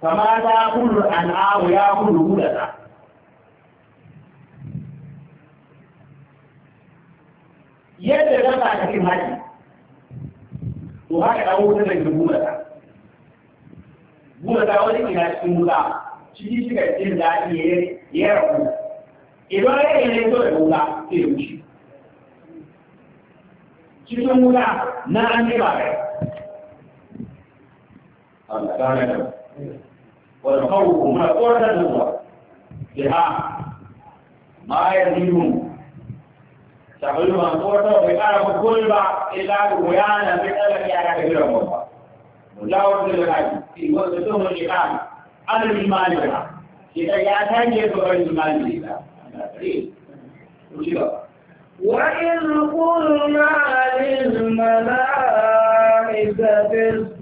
kama ta kullu an'amu ya kullu hudata yadda ta sa ka cin haji to haka ɗan wuta da ke hudata hudata wani ina cikin wuta ciki shiga cikin daɗi ya rabu idan ya yi ne to da wuta sai ya wuce cikin wuta na an ba kai أمكاننا والخوف ما قوة بها ما يزيدهم تقول ما قوة بقرب كل إلا بيانا بقلب يعني كبير الله لا وصل للعجل في وقتهم الإقامة على الإيمان بها إذا يأتاني يبقى الإيمان بها وإذ قلنا للملائكة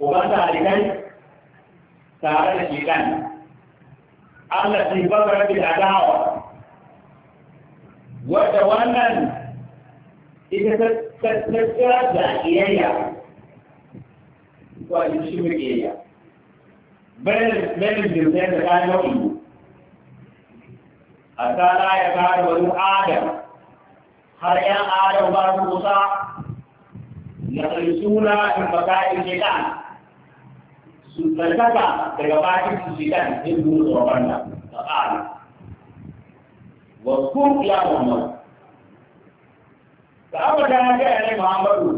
وبعد ذلك تعالى الشيطان التي بدرت العداوة وتولى إذا تتذكر ذاكية والشمكية بين بين الجنسين كان يوم حتى لا يكاد ولو آدم هل يا آدم بارك موسى يخلصون من بقاء الشيطان su tsarkaka daga bakin su shidan in gudu tsoron da ta ƙari wa kun ya muhammadu da abada ya ga yanayi muhammadu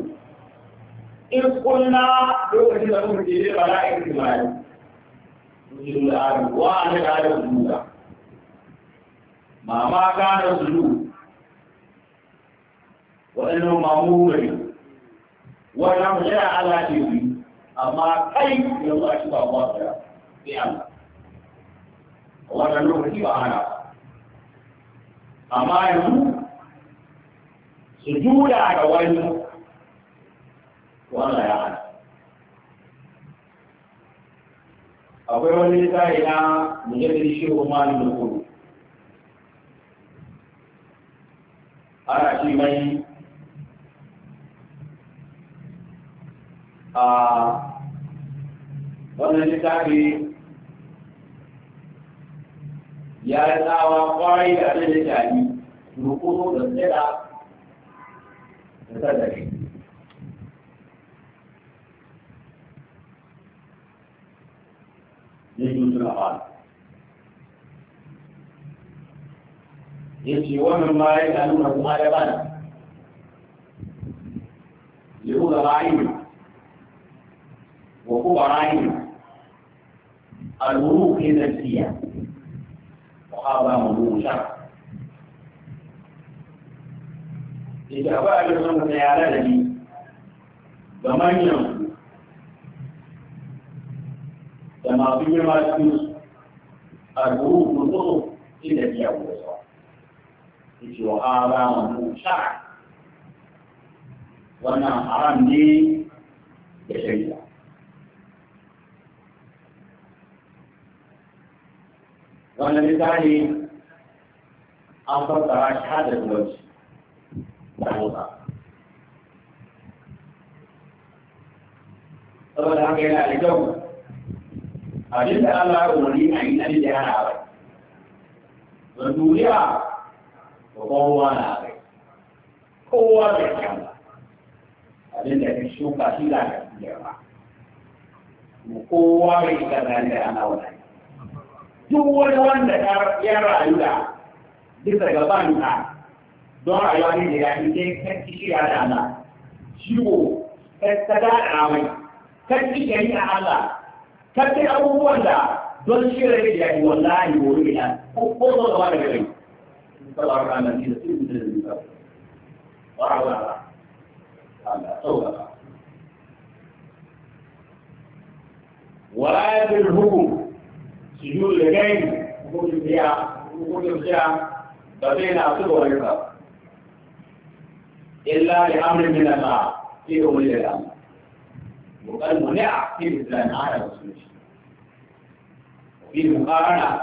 in kunna lokacin da muka ke zai bala in kimani mutum da adam wa an da adam zuwa mama gane zulu waɗannan mamu gari wannan mutum ya ala teku amma kai yanzu a ci ba kuwa da sai Allah wannan lokaci ba ana amma yanzu su juda da wani wannan ya hana akwai wani tsari na mujallar shehu malin da kudu ana shi mai a wannan littafi ya yi tsawa kwarai da ɗan littafi rukunu da tsira da sadari يجوز الأقال يجي ومما يجعلونه غالبا لأولى العين وكبرائهم الوروث النفسية وهذا موضوع شرع إذا فعل لكم سيارة لي بمن ينفو كما في النفسية إلى اليهود وهذا موضوع شرع وأنا حرام لي بشريعة وانا نتاني أفضل تراش هذا الوجه بحوظة أولا كلا لجوم أجلت الله أولي أين أن يتحان عوي ودوليا وقوانا عوي قوانا كلا أجلت الشوكا سيلا كلا مقوانا كلا لجوم duk wani wanda ya rayu da bisa ga banka don rayuwa ne da yafi sai kan kishi ya da Allah shi ko ka da amai kan kishi ya da Allah kan kai abubuwan da don shi da yafi wallahi gobe ina ko ko zo da wani gari sallallahu alaihi wa sallam da su da wa Allah Allah tauba ولا بالحكم سجود لجين وجود البيع وجود البيع فبين أصبه ويقف إلا لأمر من الله في أمور الأمر وقال منع في الإسلام على المسلمين وفي مقارنة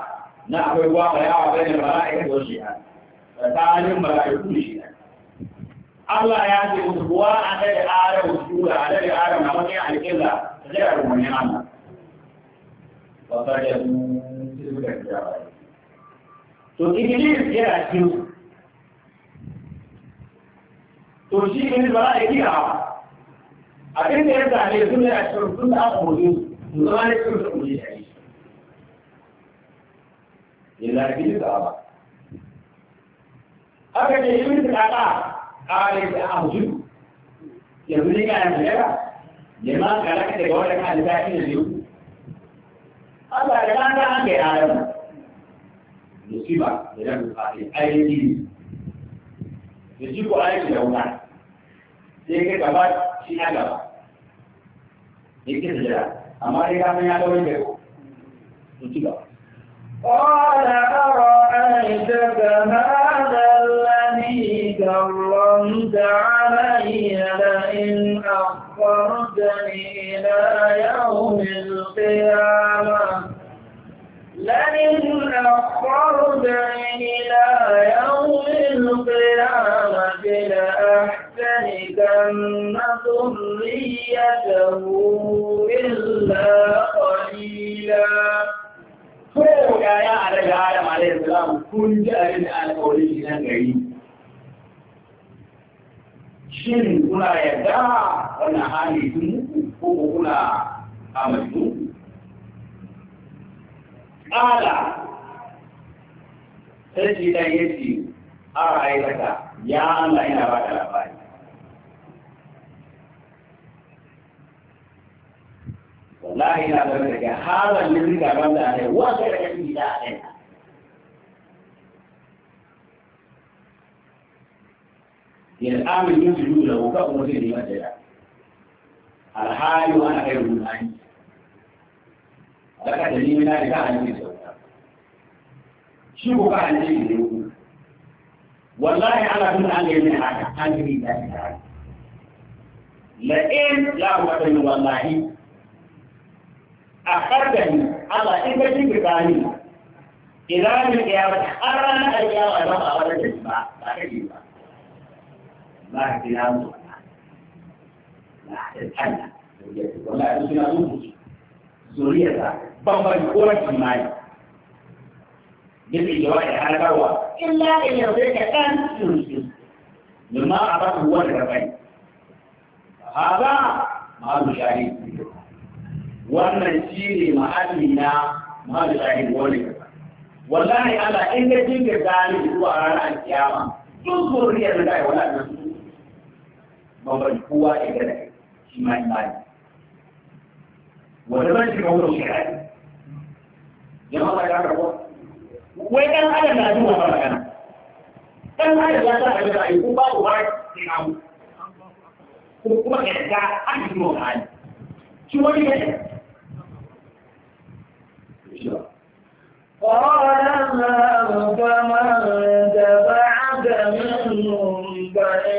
نحو الواقع بين الملائكة والشيعة فتعلم ملائكة الشيعة الله يأتي أسبوع على آدم وسجود على آدم ومنع الإلا غير من الله wasajen suka jawa to iblis yana cikin to shi iblis ba a iya abin da ya zane sun yana cikin sun da aka mutu su zama ne cikin sun mutu shi yana iblis a ba aka ce iblis ka ka kare da ahudu yanzu ne ga yanzu yawa ne ma ka raka daga wani kan da ta iya zai Allah da lada an ga yaran musiba da dan fadi aiki da ji ko aiki da wuta sai ka gaba shi na gaba yake da amma dai ka san ya da musiba قال أرأيتك وردني إلى يوم القيامة لئن أخرتني إلى يوم القيامة لأحتركن ذريته إلا قليلا ko ya ya alaga Adam alaihi salam kun ji shin kuna yarda wannan hali sun muku ko kuna amadu ƙala sai shi dan yace a ra'ayata ya Allah ina ba da labari wallahi ina da daga halan ne ga banda ne wa sai daga cikin da ne يتعامل من سجوده وكأمر سيدي مثلا الحال وأنا خير من أنت لك تليم لا لك أن يسوي شو بقى عن شيء والله أنا كنت عن يمين حاجة عن يمين حاجة لئن لا قوة إلا والله أخرجني على إبرة بكاني إلى من قيامة أرانا القيامة أنا أرانا الجسم بعد والله لا نصر لا والله سنا نصر سوريا بمبر كورة جماعي بالإجراء على بروة إلا إن يرضيك كان يرسل لما أعرفه هو الربعين هذا ما نشاهد wannan shi ne ma'adi na mahalu shahin wani gaba wallahi ala in ka jinkirta ni zuwa ranar kiyama duk zuriyar da kai wala nan bambam kowa ya gada shi ma imani wanda ban shiga wurin shi ne jama'a ba ya karbo wai ɗan adam na zuwa ba magana ɗan adam ya sa a ga ayi ko babu ba sai na mu ko kuma ka ga an yi mu hali shi wani ne فمن تبعك منهم فإن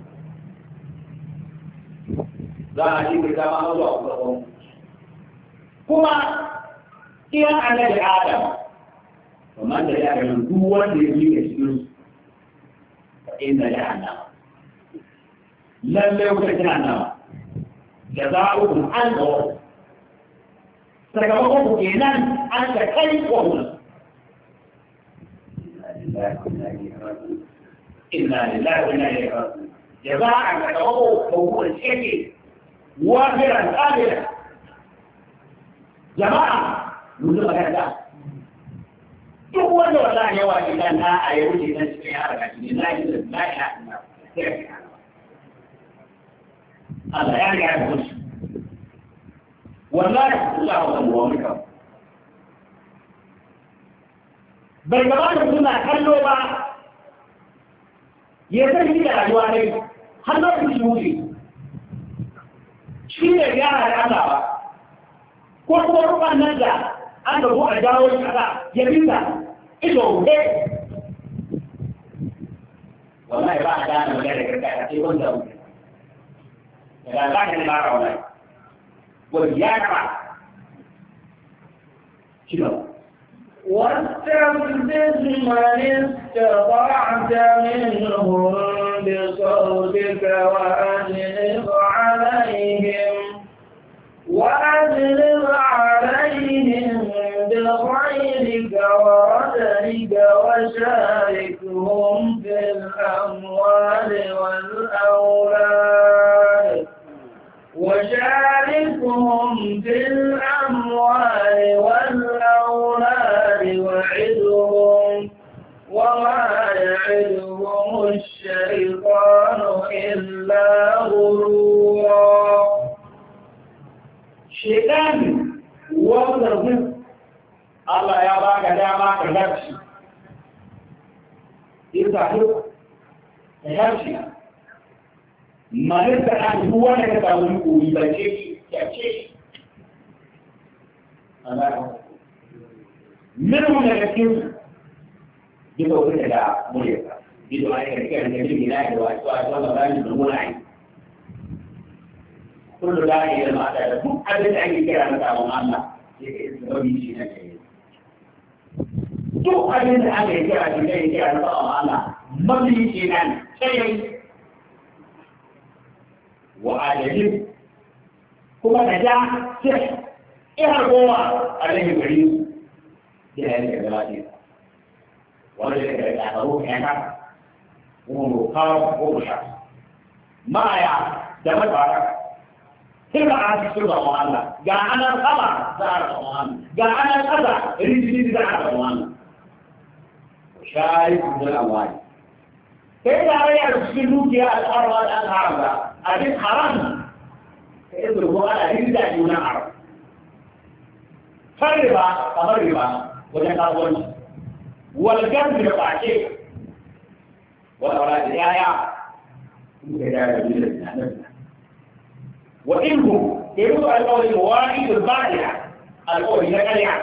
za a jinkirta ma har zuwa kusa kuma kuma iya annabi adam kamar da ya ga duk wanda ya yi cikin inda ya hana lalle wuta tana nan da za ku kun an ga wani sakamakon ku kenan an ka kai wahuna inna lillahi wa inna ilaihi raji'un jaza'a sakamakon ku kun shege وافرا قادرا جماعة منذ مكان ده duk wanda wala ya wace dan na a yau ce dan cikin harka shi na yi da na ina ina Allah ya riga ya kusa wallahi Allah wa Allah wa muka bai gaba da suna kallo ba ya san shi da rayuwa ne har lokacin shi wuce shi ne gyara da Allah ba ko kuma rukan nan da an gabo a jawo shi kaza ya binta ido rufe wallahi ba a gane magana da karkata sai wanda rufe daga za ka nema ra wallahi wani ya kama shi ne واستفزز من استطعت منهم بصوتك وأجلب عليهم وأجلب عليهم بخيرك وردك وشاركهم في الأموال والأولاد وشاركهم في الأموال والأولاد وعدهم وما يعدهم الشيطان إلا غرورا shekani wanda zai Allah ya ba ka dama ka yarci isa duk ka yarci malin da an yi wani ka samu koyi ba ce shi ya ce shi minimum da kake duka wurin da muryarka bido a yi karkar da jirgin na yi da wasu a tsawon da wani da mura yi كل ذلك إلى ما أتى مو أبدا أي كلام تعلم الله يسلمني شيئا duk abin da aka yi kira shi ne kira na tsawon Allah mafi shi nan sai wa adalin kuma da ja sai ihar kowa a rahin gari da ya yi gaba ce wanda ya gari a karo ya ka kuma rokawa ko sha ma'aya da matawaka sai ba a cikin ba wa Allah ga anan kaba za a rabu Allah ga anan kaza rijiji za a rabu Allah shayi da awai sai da ya cikin dukiya al'arwa da al'arwa da abin haram sai da ruwa da rinda juna haram kan riba kamar riba wajen kasuwanci walgan da bace wala wala da yaya in da yaya da وإنه يدور القول الواحد الباطلة القول الشريعة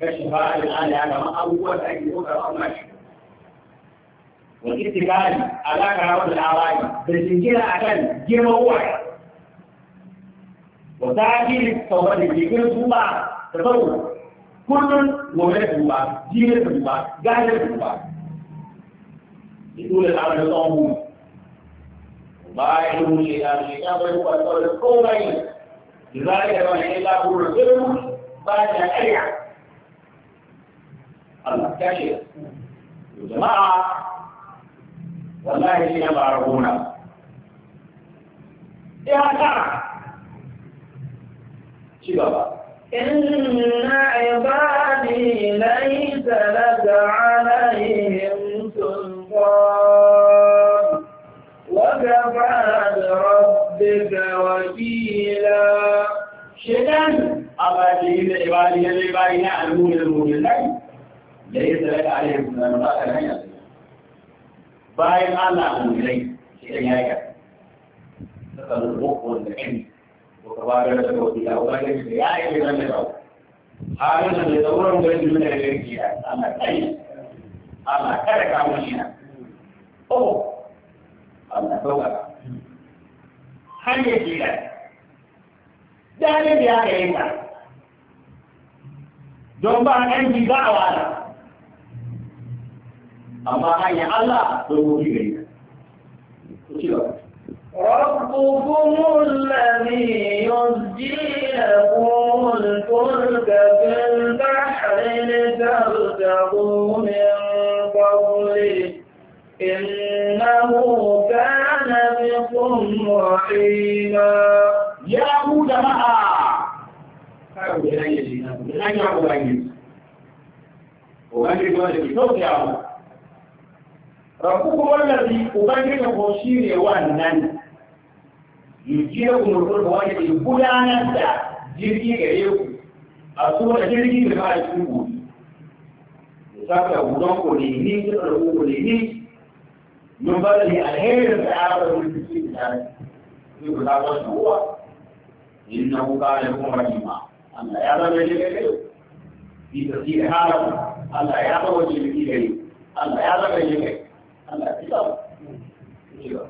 كشفاء الآن هذا ما أول أن يكون الأمر والاتكال على كراوة الأعراض بالسجل أكل جيم هو وتأكيد التوبة في كل سوبة تطور كل مولد سوبة جيل سوبة جاهل سوبة يقول الأمر الأمور bayan wuce da shi ya bai kuwa tsawon komai za a yi wani ila buru zulmu ba da ƙarya Allah ta ce jama'a wallahi shi na bara gona ya ta ci gaba إن عبادي ليس لك عليهم سلطان كفى ربك وكيلا شيطان الله يجيب عبادي العبادي يعلمون المؤمن لك ليس لك عليهم من المطاعة الهيئة باين الله من إليه شيطان يهيئة نسأل الرق والعلم وتبارك ربك وكيلا وبارك ربك يا أيها الذين آمنوا هذا اللي دورهم بين من الرجال أما كيف أما كذا كاملين أوه Allah sauka hanyar jira da hanyar da ya yi ta don ba ɗan ji za a wala amma hanyar Allah don wuri gari ta ci gaba ربكم الذي يزجي لكم الفلك في البحر لتبتغوا من فضله إنه كان بكم رحيما يا أبو جماعة Rabu kuma wallafi Ubangiji ko shi ne wannan yukiya kuma turba wanda ke gudanar da jirgi gare ku a tsohon jirgi da ba a cikin gobe. Da sa ka gudan ku ne ni, ku ne ni, ينبغي الخير السعادة والتسليم السعادة يقول هذا هو إنه كان لكم رحيما الله يعلم الذي في تسليم حالة الله يعلم الذي في الله يعلم الذي الله يعلم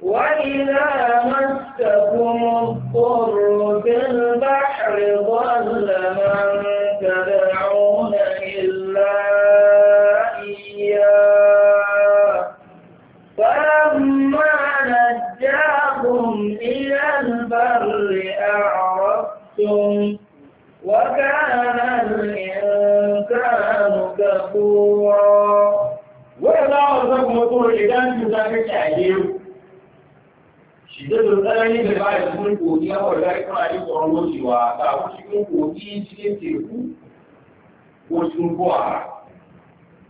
وإذا مسكم الضر في البحر ضل من تدعون إلا كفرتم وكان الإنسان كفورا وإذا أرزقكم طول الإنسان تزاكي تعجيب shidar tsanani da ba da cikin kogi na kawai zai kuna yi tsoron gocewa ga ku cikin kogi cikin teku ko cikin kowa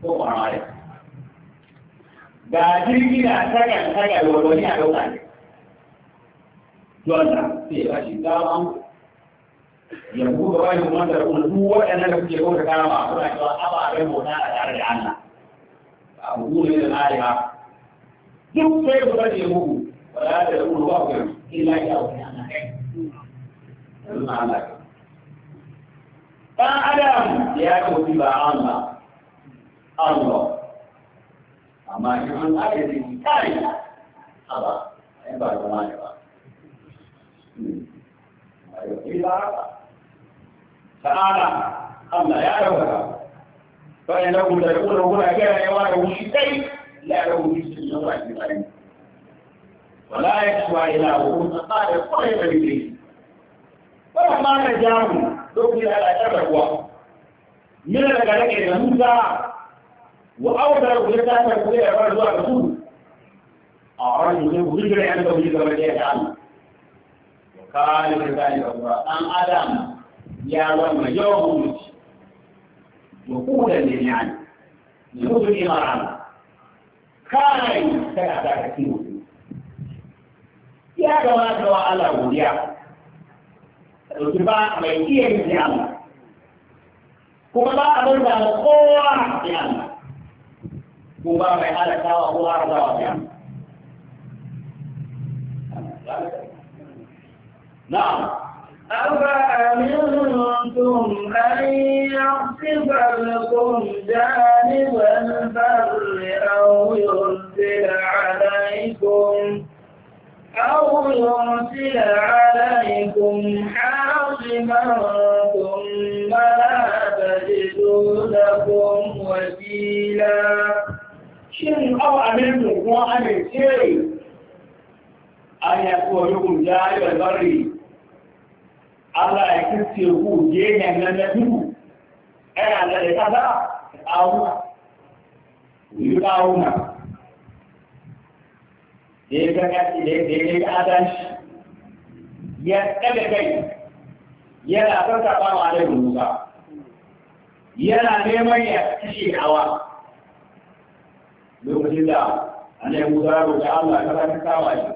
ko kwanwari ga jirgi na tagar tagar wani a dauka ne. Jonta, sai shi ya ku ga bayan kuma da ku duk waɗannan da kuke kauta kana ba kuna cewa ababen bauta a tare da Allah ba ku ne da lariya duk sai ku bari ya muku wala da ku ba ku illa ya ku ne Allah kai Allah Allah dan adam ya kauci ba Allah Allah amma in an ake da kai aba ai ba da wani ba Hmm. Ayo, kita apa? تعالى الله يعرفها فإنهم تقولوا هنا كان يوانه شيئين لا له في السماوات والأرض ولا يسوى إلهه فقال قريب إبليس ولما نجاهم دخل على تقوى من ذلك إلى موسى وأوصل بلسانه إلى الرجل الرسول أعرض منه هجرة عند وجود رجال وقال لذلك أن آدم يا وما يوم وقولا للنعم نعود إلى رمى كان سيأتى كثير يا جواز وعلى وليا Rutuba mai iya yin sai Allah, kuma ba a bauta da kowa sai Allah, ko ba mai halakawa ko harzawa sai Allah. Na'am. أفأمنتم أن يخسف لكم جانب البر أو يرسل عليكم أو يرسل عليكم حاصبا ثم لا تجدوا لكم وكيلا shin aw amintu kuma amince an ya kuwa yukun Allah ya kirce ku gehen nan na duhu ana da da kaza auna yi auna da ya ga kaci da ya ga adanshi ya kada kai yana sassaba wa da musa yana neman ya kashe hawa lokacin da annabi musa ya roƙi Allah ya kasa ta kama shi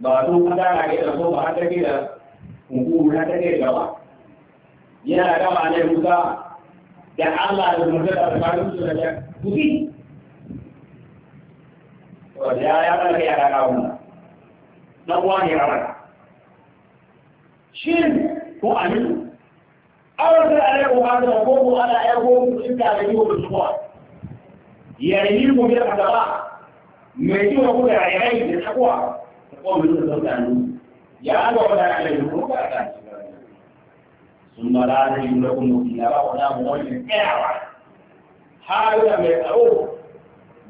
ba su kada na ga da so ba har da hukumu na take gaba yana gama ne musa da Allah da mutum da tsakanin su da kuɗi to ya ya kana kai yara kawo na na uwa ne rama shin ko amin awon da ala ko ba da ko ko ala ya ko in da ga yiwo da suwa ya yi mu da gaba mai yiwo ko da ya yi da takwa ko mun da tsakanin ya ga wani ake da ruwa a kan sun ba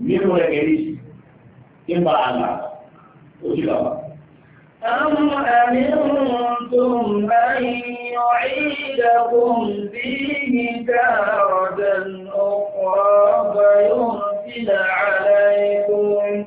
da ta yi أم أمنتم أن يعيدكم فيه تارة أخرى فيرسل عليكم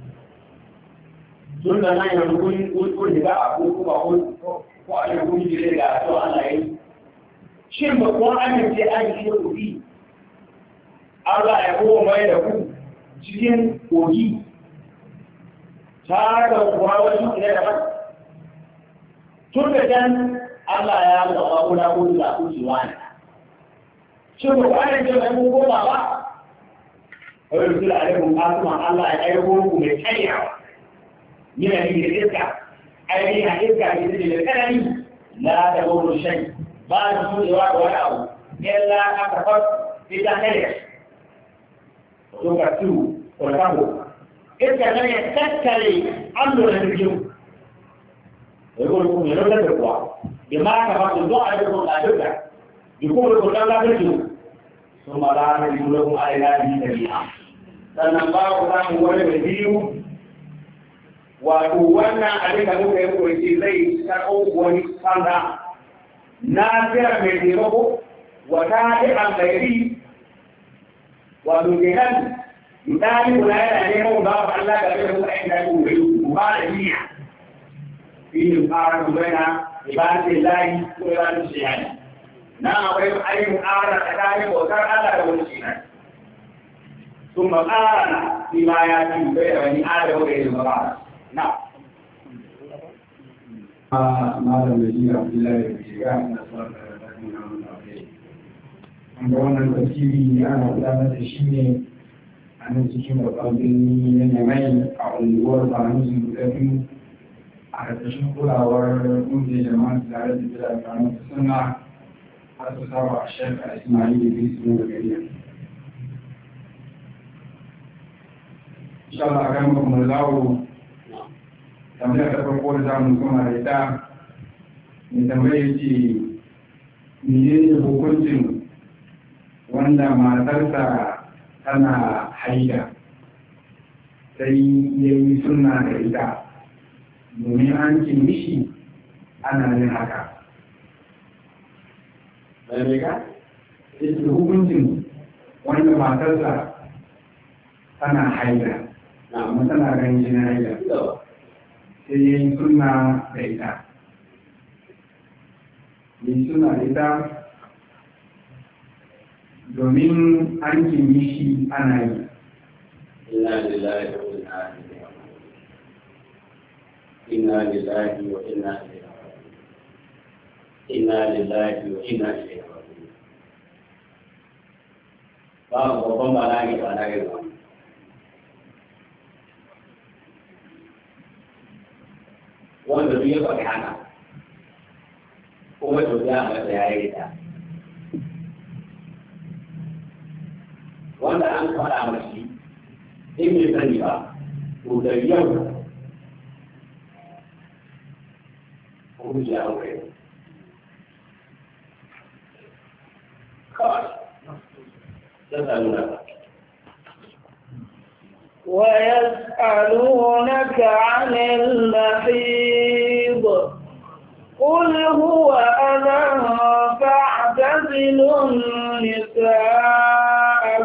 tun da nan yanzu kun kun riga a ko kuma ko ko a yanzu kun jire da to Allah yi shin ba kun amince an yi kuɗi Allah ya ko mai da ku cikin kogi ta ga kuma wani ne da ba tun da dan Allah ya ga ba ku da ku da ku ne shin ba kun amince ba ko ba ba Wai Allah ya aiko ku mai kanyawa. من الإرجع أي من الإرجع بإذن الكلام لا تقول شيء ما تقول جواب ولا أو إلا أن تفكر في تحرير وتوقع سوء والفهم إذا لم يتكلي أمر الرجوع يقول لكم يلوك الرجوع بما كفر الدعاء لكم لا تبدع يقول لكم لا ترجو ثم لا تجد لكم علينا به سبيلا sannan ba ku samun wani biyu wato wannan abin da muka yi kurki zai karɓo wani fanda na tsira mai taimako wata ta alkhairi wato kenan misali kula yana neman ba wa Allah da zai muka inda ku bai ba da niyya yin fara bayyana ibadatin lahi ko ibadatin shayani na akwai ayyukan ara tsakanin bautar Allah da wani shayani ثم قال بما ياتي بين بني ادم وغير المقاصد نعم malam da shi abdullahi da ke ga ana tsawon karatun namun afirai an ga wannan tafsiri ana gudanar da shi ne a nan cikin babban birni na yamai a unguwar bahanusu guda biyu a ƙarƙashin kulawar ƙungiyar jama'ar tare da jira kanu ta suna har su saba a shekara ismail da bisu da gariya inshallah a kan kuma lawo tambaya ta farko da za mu kuma da ita mai tambaya ce ne hukuncin wanda matarsa tana haida sai ya yi suna da ita domin an ce mishi ana yin haka ɗarika ita hukuncin wanda matarsa tana haida na tana ganin jini haida sai ya yi suna da ita yi suna da ita domin an kimi shi ana yi wa inna ilaihi inna lillahi wa wa na ba na ba wanda duk ya faɗi hana kuma to za a masa ya yi ta wanda an faɗa mashi in bai sani ba to da yau hukunci a kai kawai zan nuna ba ويسألونك عن المحيض قل هو أذى فاعتزلوا النساء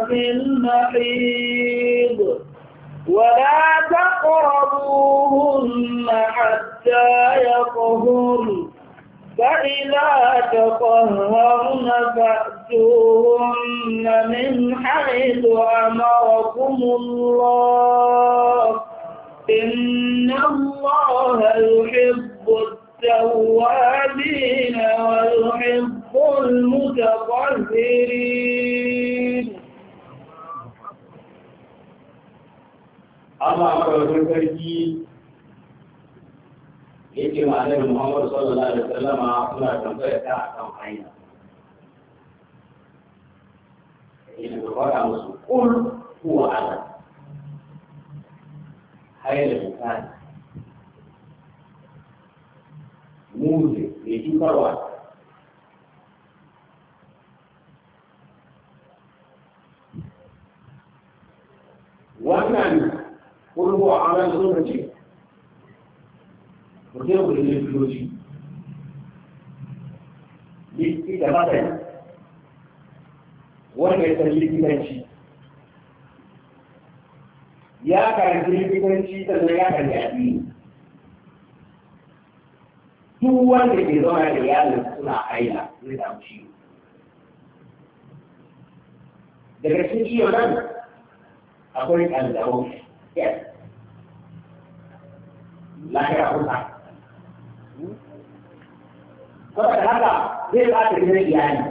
في المحيض ولا تقربوهن حتى يطهرن فإذا تطهرن فأتوهن من حيث أمركم الله إن الله يحب التوابين ويحب المتطهرين الله أكبر yake ma annabi Muhammad sallallahu alaihi wasallam suna tambaya ta akan hanya yana da fara musu kul huwa Allah hayar da kan muzi ne tukarwa wannan kulhu a ranar lokaci ku zai ku da likitoci likita masani wanda ya san likitanci ya karanci likitanci sannan ya karanci addini duk wanda ke zauna da iyalin suna aila zai samu ciwo daga cikin ciwon nan akwai ƙanzarau yes lahira kusa saboda haka zai ba ta gidan iyali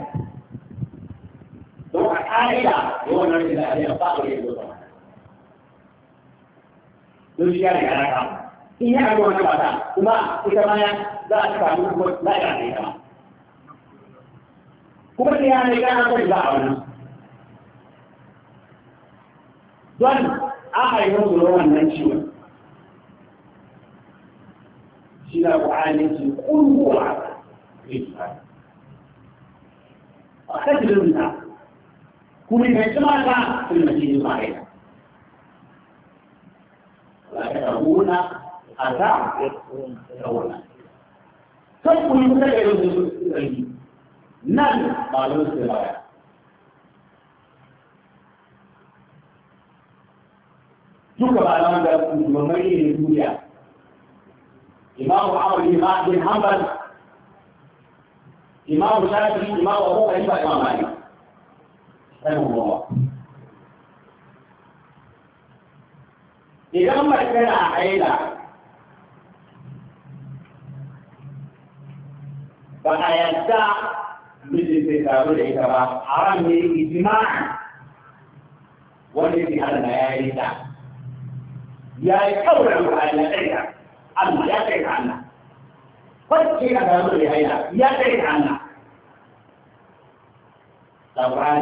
don a ka'ida yawan nan da ajiyar ba a yi zuwa don shi ya riga na kama in ya ga wani mata kuma ita ma za a samu kuma za a yi ta kuma da ya riga na kai za a wani don a haifar zuwa wannan ciwon shi na ƙwa'anin su ƙunguwa أخذ منها كل حكمة في المسجد الصحيح ويكرهون أتى يكرهون فكل متجر نل قالوا السرايا duka malaman da mamari ne duniya imamu amur bin hanbal إمام الشافعي إمام أبو حنيفة إمام مالك رحمه الله إذا ما كان عائلة فحياتها مثل تسارع العتبة حرام إجماعا والذي على المياهدة يا قول على العتبة أما لا تعيد عنا فكر هذا يا تعيد عنا طبعا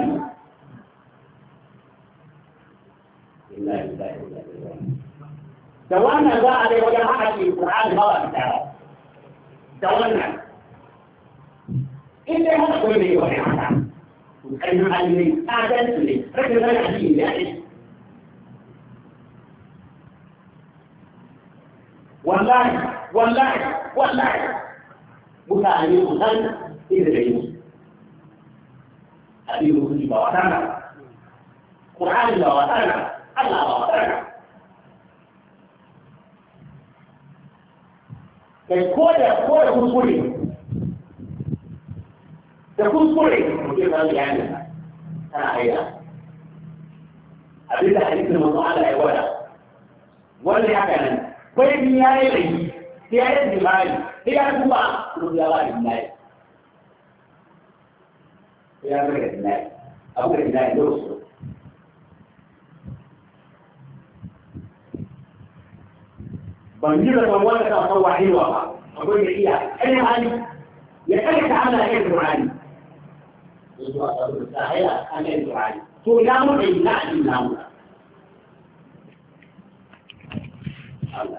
إلا الله إلا دوانا ذا علي وجماعة القرآن هذا بتاعه دوانا إلا هذا كل ما يوحي عنه وكان يعلمني أعدلتني رجل ما يعلمني والله والله والله مثالي مثالي إذا جيمس aliyu kuni ba watana qur'ani ba watana Allah ba watana kai ko da ko da kuskure da kuskure mutum ba ya yi tana aida abinda hadisin manzo Allah ya wada wanda ya kana bai ya yi rai ya yi dimari ya kuma rubuya ba dimari في أمريكا الجنائي أمريكا الجنائي يوصل بنجيبك من ولد أصوى حلوة أقول لك إياها كلمة عني يتكلم عن غير عني to ya muka yi na'adin namu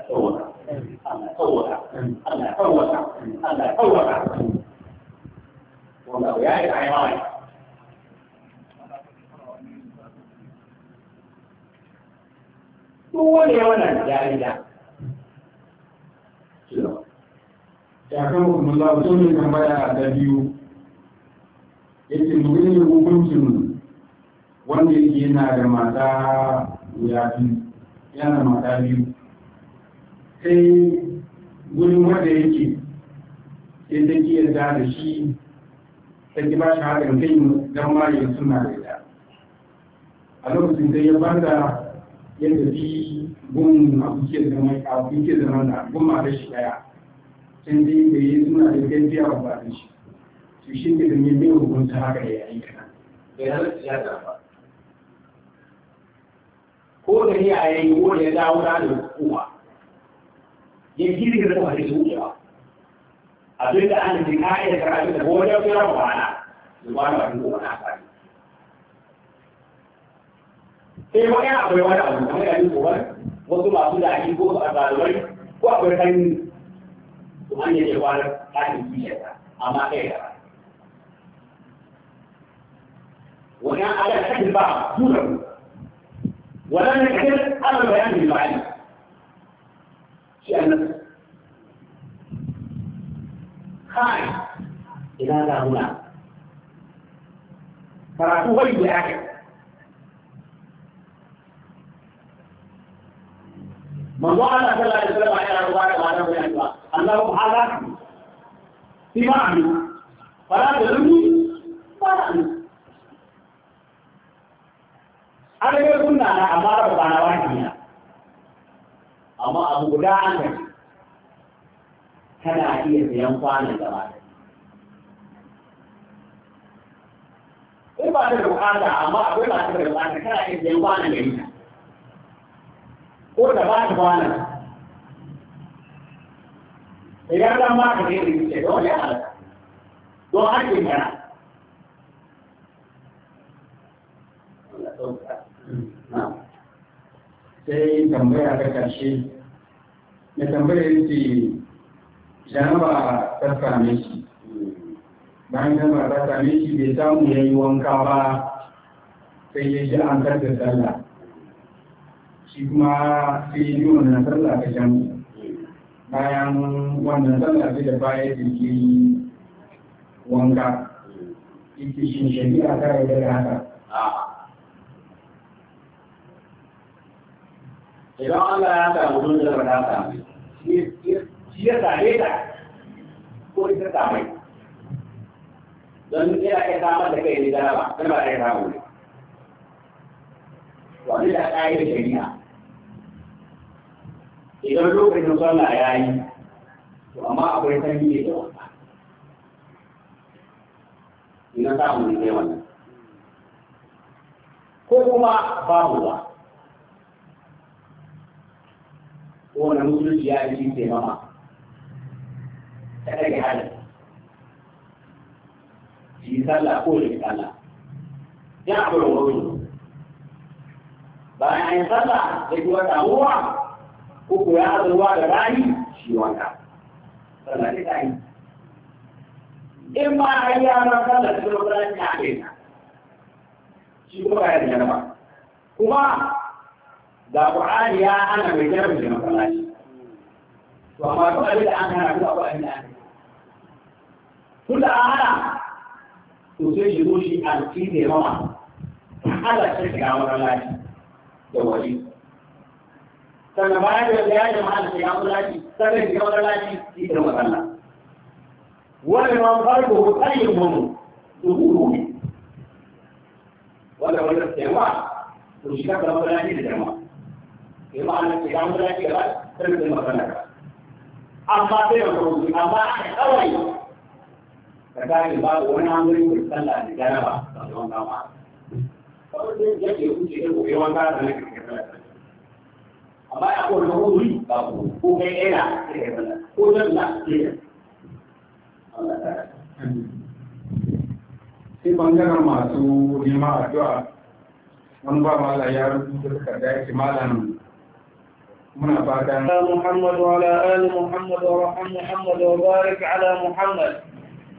Allah tsawata Allah tsawata Allah tsawata Allah tsawata wanda ya yi rayuwa kowane wannan jarida ya kan hukumullah mutum ne tambaya da biyu yake mene ne hukuncin wanda yake yana da mata guda biyu yana mata biyu sai gudun wanda yake sai ta ke yarda da shi ta ki ba shi haɗin kai don ma suna da ita a lokacin da ya banta yadda tafi gun abuke zama abuke zama da gun ma da shi daya can dai da yi suna da gajiya ba da shi to shi ne da mai haka ya yi kana ya ba ko da a yi ko da ya dawo da hukuma ya girgiza da kuma da shi ba abin da an da ka'ida karatu da ko da ya fara ba ba da ba ko na ba sai ma yana akwai wani abu kamar yayin kowa wasu masu da ake ko a zalimai ko akwai kan su an yake kwanar ɗakin kishiyarsa amma kai da wannan ala shakin ba tura ku wannan ne kai ana bayanin ma'ani shi annabi kai ina da muna karatu wai da yake من وقال صلى الله عليه وسلم على رواية بعد بيان اللهم هذا سمعني فلا تلمني فلا an ga kunna na amara ba na wani na amma abu guda an ka kana iya sayan kwanan gaba in ba da bukata amma akwai masu da bukata kana iya sayan kwanan gari ko da ba ta bana idan dan ma ka ne ce don ya halaka don hakkin kana sai tambaya ta karshe ya tambaya yace janaba ta same shi bayan janaba ta same shi bai samu yayi wanka ba sai ya ji an karɓi sallah shi kuma sai yi wannan sallah ta jami'a bayan wannan sallah sai da baya da ke wanka ita shi shari'a ta yi da haka idan Allah ya samu don da ta sami shi ya same ta ko ita ta mai don ina kai samar da kai ne da ba kan ba ta yi samu ne wani da ƙa'idar shari'a idan lokacin sallah ya yi to amma akwai sanyi ne da wata ina ta mu ne wannan ko kuma babu ba ko wani musulunci ya yi ce mama ta ɗage halin yi sallah ko da sallah ya abu da wani bayan an yi sallah da kuma damuwa Uku ko ya azurwa da rani shi wanka sallah ta yi in ma har yaran kallon su rubuta ya ake na shi kuma ba ya da jaraba kuma da Qur'ani ya ana mai jaraba da masallaci to amma duk da an hana duk abin da an tun da an hana to sai shi zo shi alƙi ne mama Allah ta shiga masallaci da wani sannan bayan da ya jama'a da shiga masallaci sannan shiga masallaci shi da matsala wani ma farko ko tsayin mu zuhuru ne wanda wanda tsayawa to shiga ga masallaci da jama'a sai ma an shiga masallaci da sannan da matsala amma sai da rubutu amma a kawai ka gane ba wani amurin da sallah da jaraba da wanka ma kawai sai yake kuce da gobe wanka da nake أما يقول له لي بقول هو إلى هو الله في بانجنا ما محمد وعلى آل محمد ورحم محمد وبارك على محمد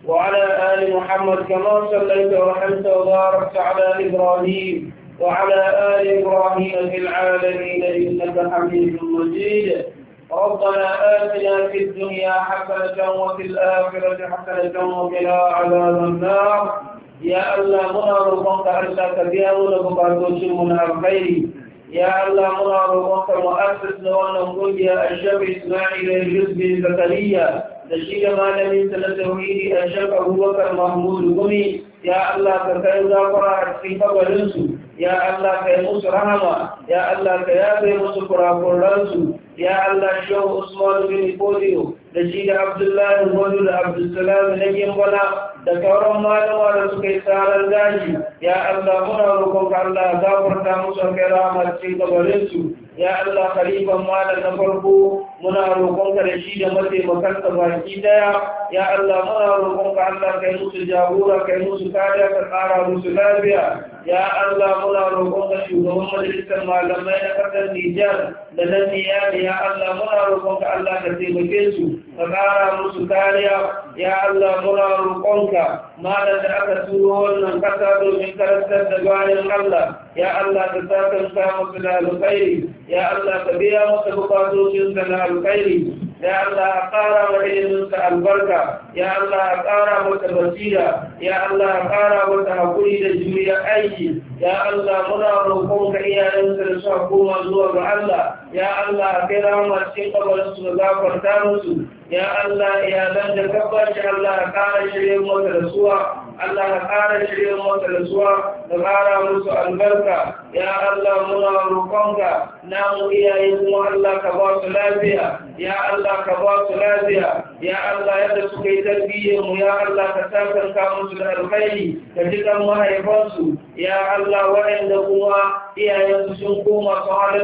وعلى آل محمد كما صليت ورحمت وباركت على إبراهيم وعلى آل إبراهيم في العالمين إنك حميد مجيد ربنا آتنا في الدنيا حسنة وفي الآخرة حسنة وقنا عذاب النار يا الله منا ربك ألا تبيعون بقاتوش من الخير يا الله منا ربك مؤسس لوانا يا الشاب إسماعيل الجزء البكرية نشيد ما لم يسل توحيد الشاب أبو بكر محمود بني يا الله تكيزا فرع السيطة ولنسو ya Allah ka yi musu rahama ya Allah ka yafe musu kurakuransu ya Allah shehu usman bin kodiyo da shi da abdullahi godu da abdullahi na gimbala da sauran malama da suka yi tsarar gashi ya Allah muna rukun ka Allah musu kai rahama cikin gabarinsu ya Allah khalifan malar na farko muna roƙonka da shi da makarta baki daya ya Allah muna roƙonka Allah kai musu jagora kai musu kariya ka tsara musu lafiya ya Allah muna roƙonka shugaban majalisar malamai na ƙasar Nijar da na Niyami ya Allah muna roƙonka Allah ka taimake su ka tsara musu kariya ya Allah muna roƙonka malam da aka turo wannan ƙasa domin karantar da bayan Allah ya Allah ka sa kan musu da alƙairi ya Allah ka biya musu bukatocinsa na alkhairi ya Allah ƙara wa iliminka albarka ya Allah ƙara mata basira ya Allah ƙara mata hakuri da juriya aiki ya Allah muna roƙonka iyayenka da su hukuma zuwa ga Allah ya Allah kai masu ce kabar su gafarta musu ya Allah iyalan da gabar shi Allah kara shirye mota da suwa Allah ka ƙara shirye masa da suwa da ƙara musu albarka ya Allah muna roƙonka namu iyaye kuma Allah ka ba su lafiya ya Allah ka ba su lafiya ya Allah yadda suka yi tarbiyyar mu ya Allah ka kamun musu da alkhairi ka ji kan mahaifansu ya Allah waɗanda kuma iyayensu sun koma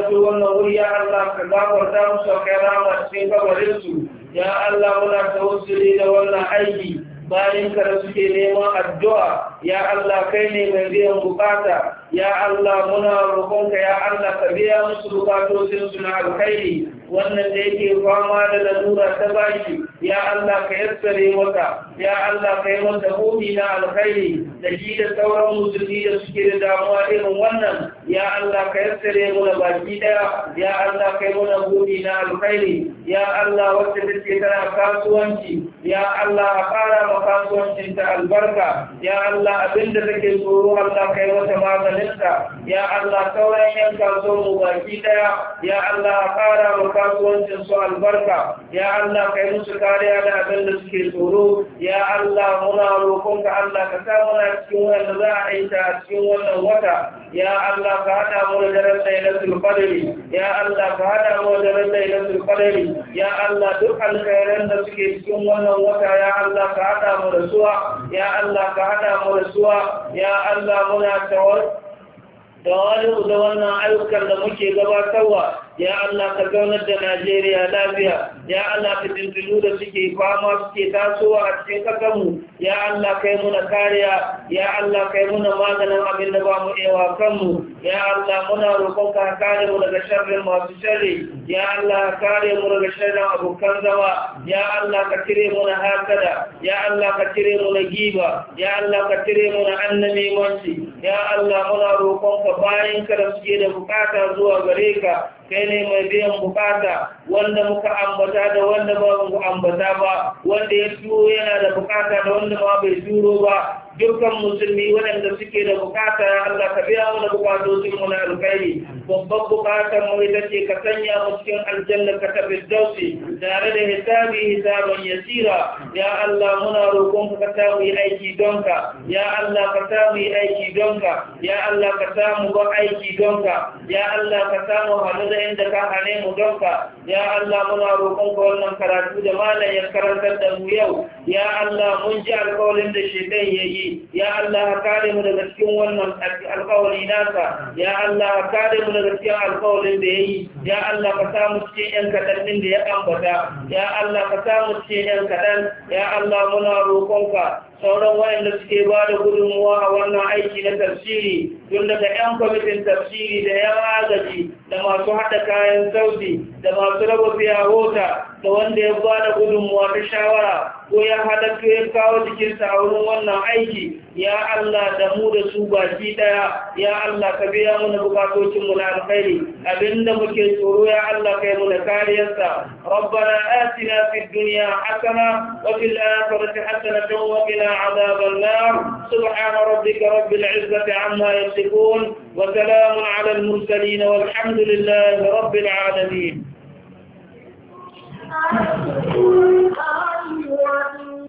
su wannan wuri ya Allah ka gafarta musu a kai rama cikin kabarinsu ya Allah muna tawassuli da wannan aiki bayan kara suke neman addu'a ya Allah kai ne mai biyan bukata ya Allah muna rukunka ya Allah ka biya musu bukatosinsu na alkhairi wannan da yake fama da lalura ta bashi ya Allah ka yassare wata. ya Allah ka yi wata na alkhairi da shi da sauran musulmi da suke da damuwa irin wannan ya Allah ka yassare muna baki daya ya Allah ka yi muna na alkhairi ya Allah wacce take tana kasuwanci ya Allah a ƙara ma kasuwancin ta albarka ya Allah abin da take tsoro Allah kai wata maganinta ya Allah sauran yan kasuwar mu baki daya ya Allah a ƙara ma kasuwancin su albarka ya Allah kai musu kariya da abin da suke tsoro ya Allah muna roƙonka Allah ka sa muna cikin wanda za a aita a cikin wannan wata ya Allah ka hada mu da daren lailatul qadri ya Allah ka hada mu da daren lailatul qadri ya Allah duk alkhairan da suke cikin wannan wannan wata ya Allah ka hada mu da suwa ya Allah ka hada mu da suwa ya Allah muna tawar da wani da wannan ayyukan da muke gabatarwa ya Allah ka zaunar da Najeriya lafiya ya Allah ka tuntunu da suke fama suke tasowa a cikin kakamu. ya Allah kai muna kariya ya Allah kai muna maganin abin da ba mu ewa kanmu ya Allah muna roƙon ka kare mu daga sharrin masu sharri ya Allah kare mu daga sharrin abokan zama ya Allah ka cire mu na hasada ya Allah ka cire mu na giba ya Allah ka cire mu na annabi manci ya Allah muna roƙon ka bayan ka da suke da bukata zuwa gare ka kai ne mai biyan bukata wanda muka ambata da wanda ba mu ambata ba wanda ya turo yana da bukata da wanda ba bai turo ba girkan musulmi waɗanda suke da bukata Allah ka biya mana bukatocin mu na alkhairi babban bukatar mu ita ce ka sanya mu cikin aljanna ka tafi dausi tare da hisabi hisaban yasira ya Allah muna roƙon ka mu yi aiki don ka ya Allah ka mu yi aiki don ka ya Allah ka mu ba aiki don ka ya Allah ka sa mu hadu da inda ka hane mu don ka ya Allah muna roƙon ka wannan karatu da malam karantar da mu yau ya Allah mun ji alƙawarin da shekai yayi ya Allah kare mu daga cikin wannan alƙawari nasa ya Allah kare mu daga cikin alƙawarin da yayi ya Allah ka samu cikin yan kadan din da ya ambata ya Allah ka samu cikin yan kadan ya Allah muna roƙonka sauran wayanda suke ba da gudunmuwa a wannan aiki na tafsiri tun daga 'yan kwamitin tafsiri da ya agaji da masu haɗa kayan sauti da masu raba biya hota da wanda ya ba da gudunmuwa ta shawara ko ya halatto ya kawo jikin a wannan aiki ya Allah da mu da su baki ɗaya ya Allah ka biya mana bukatocin na alkhairi abinda muke tsoro ya Allah kai mu da kariyarsa rabbana atina fid dunya hasana wa fil akhirati hasanatan wa qina عذاب النار سبحان ربك رب العزة عما يصفون وسلام على المرسلين والحمد لله رب العالمين I'm [laughs]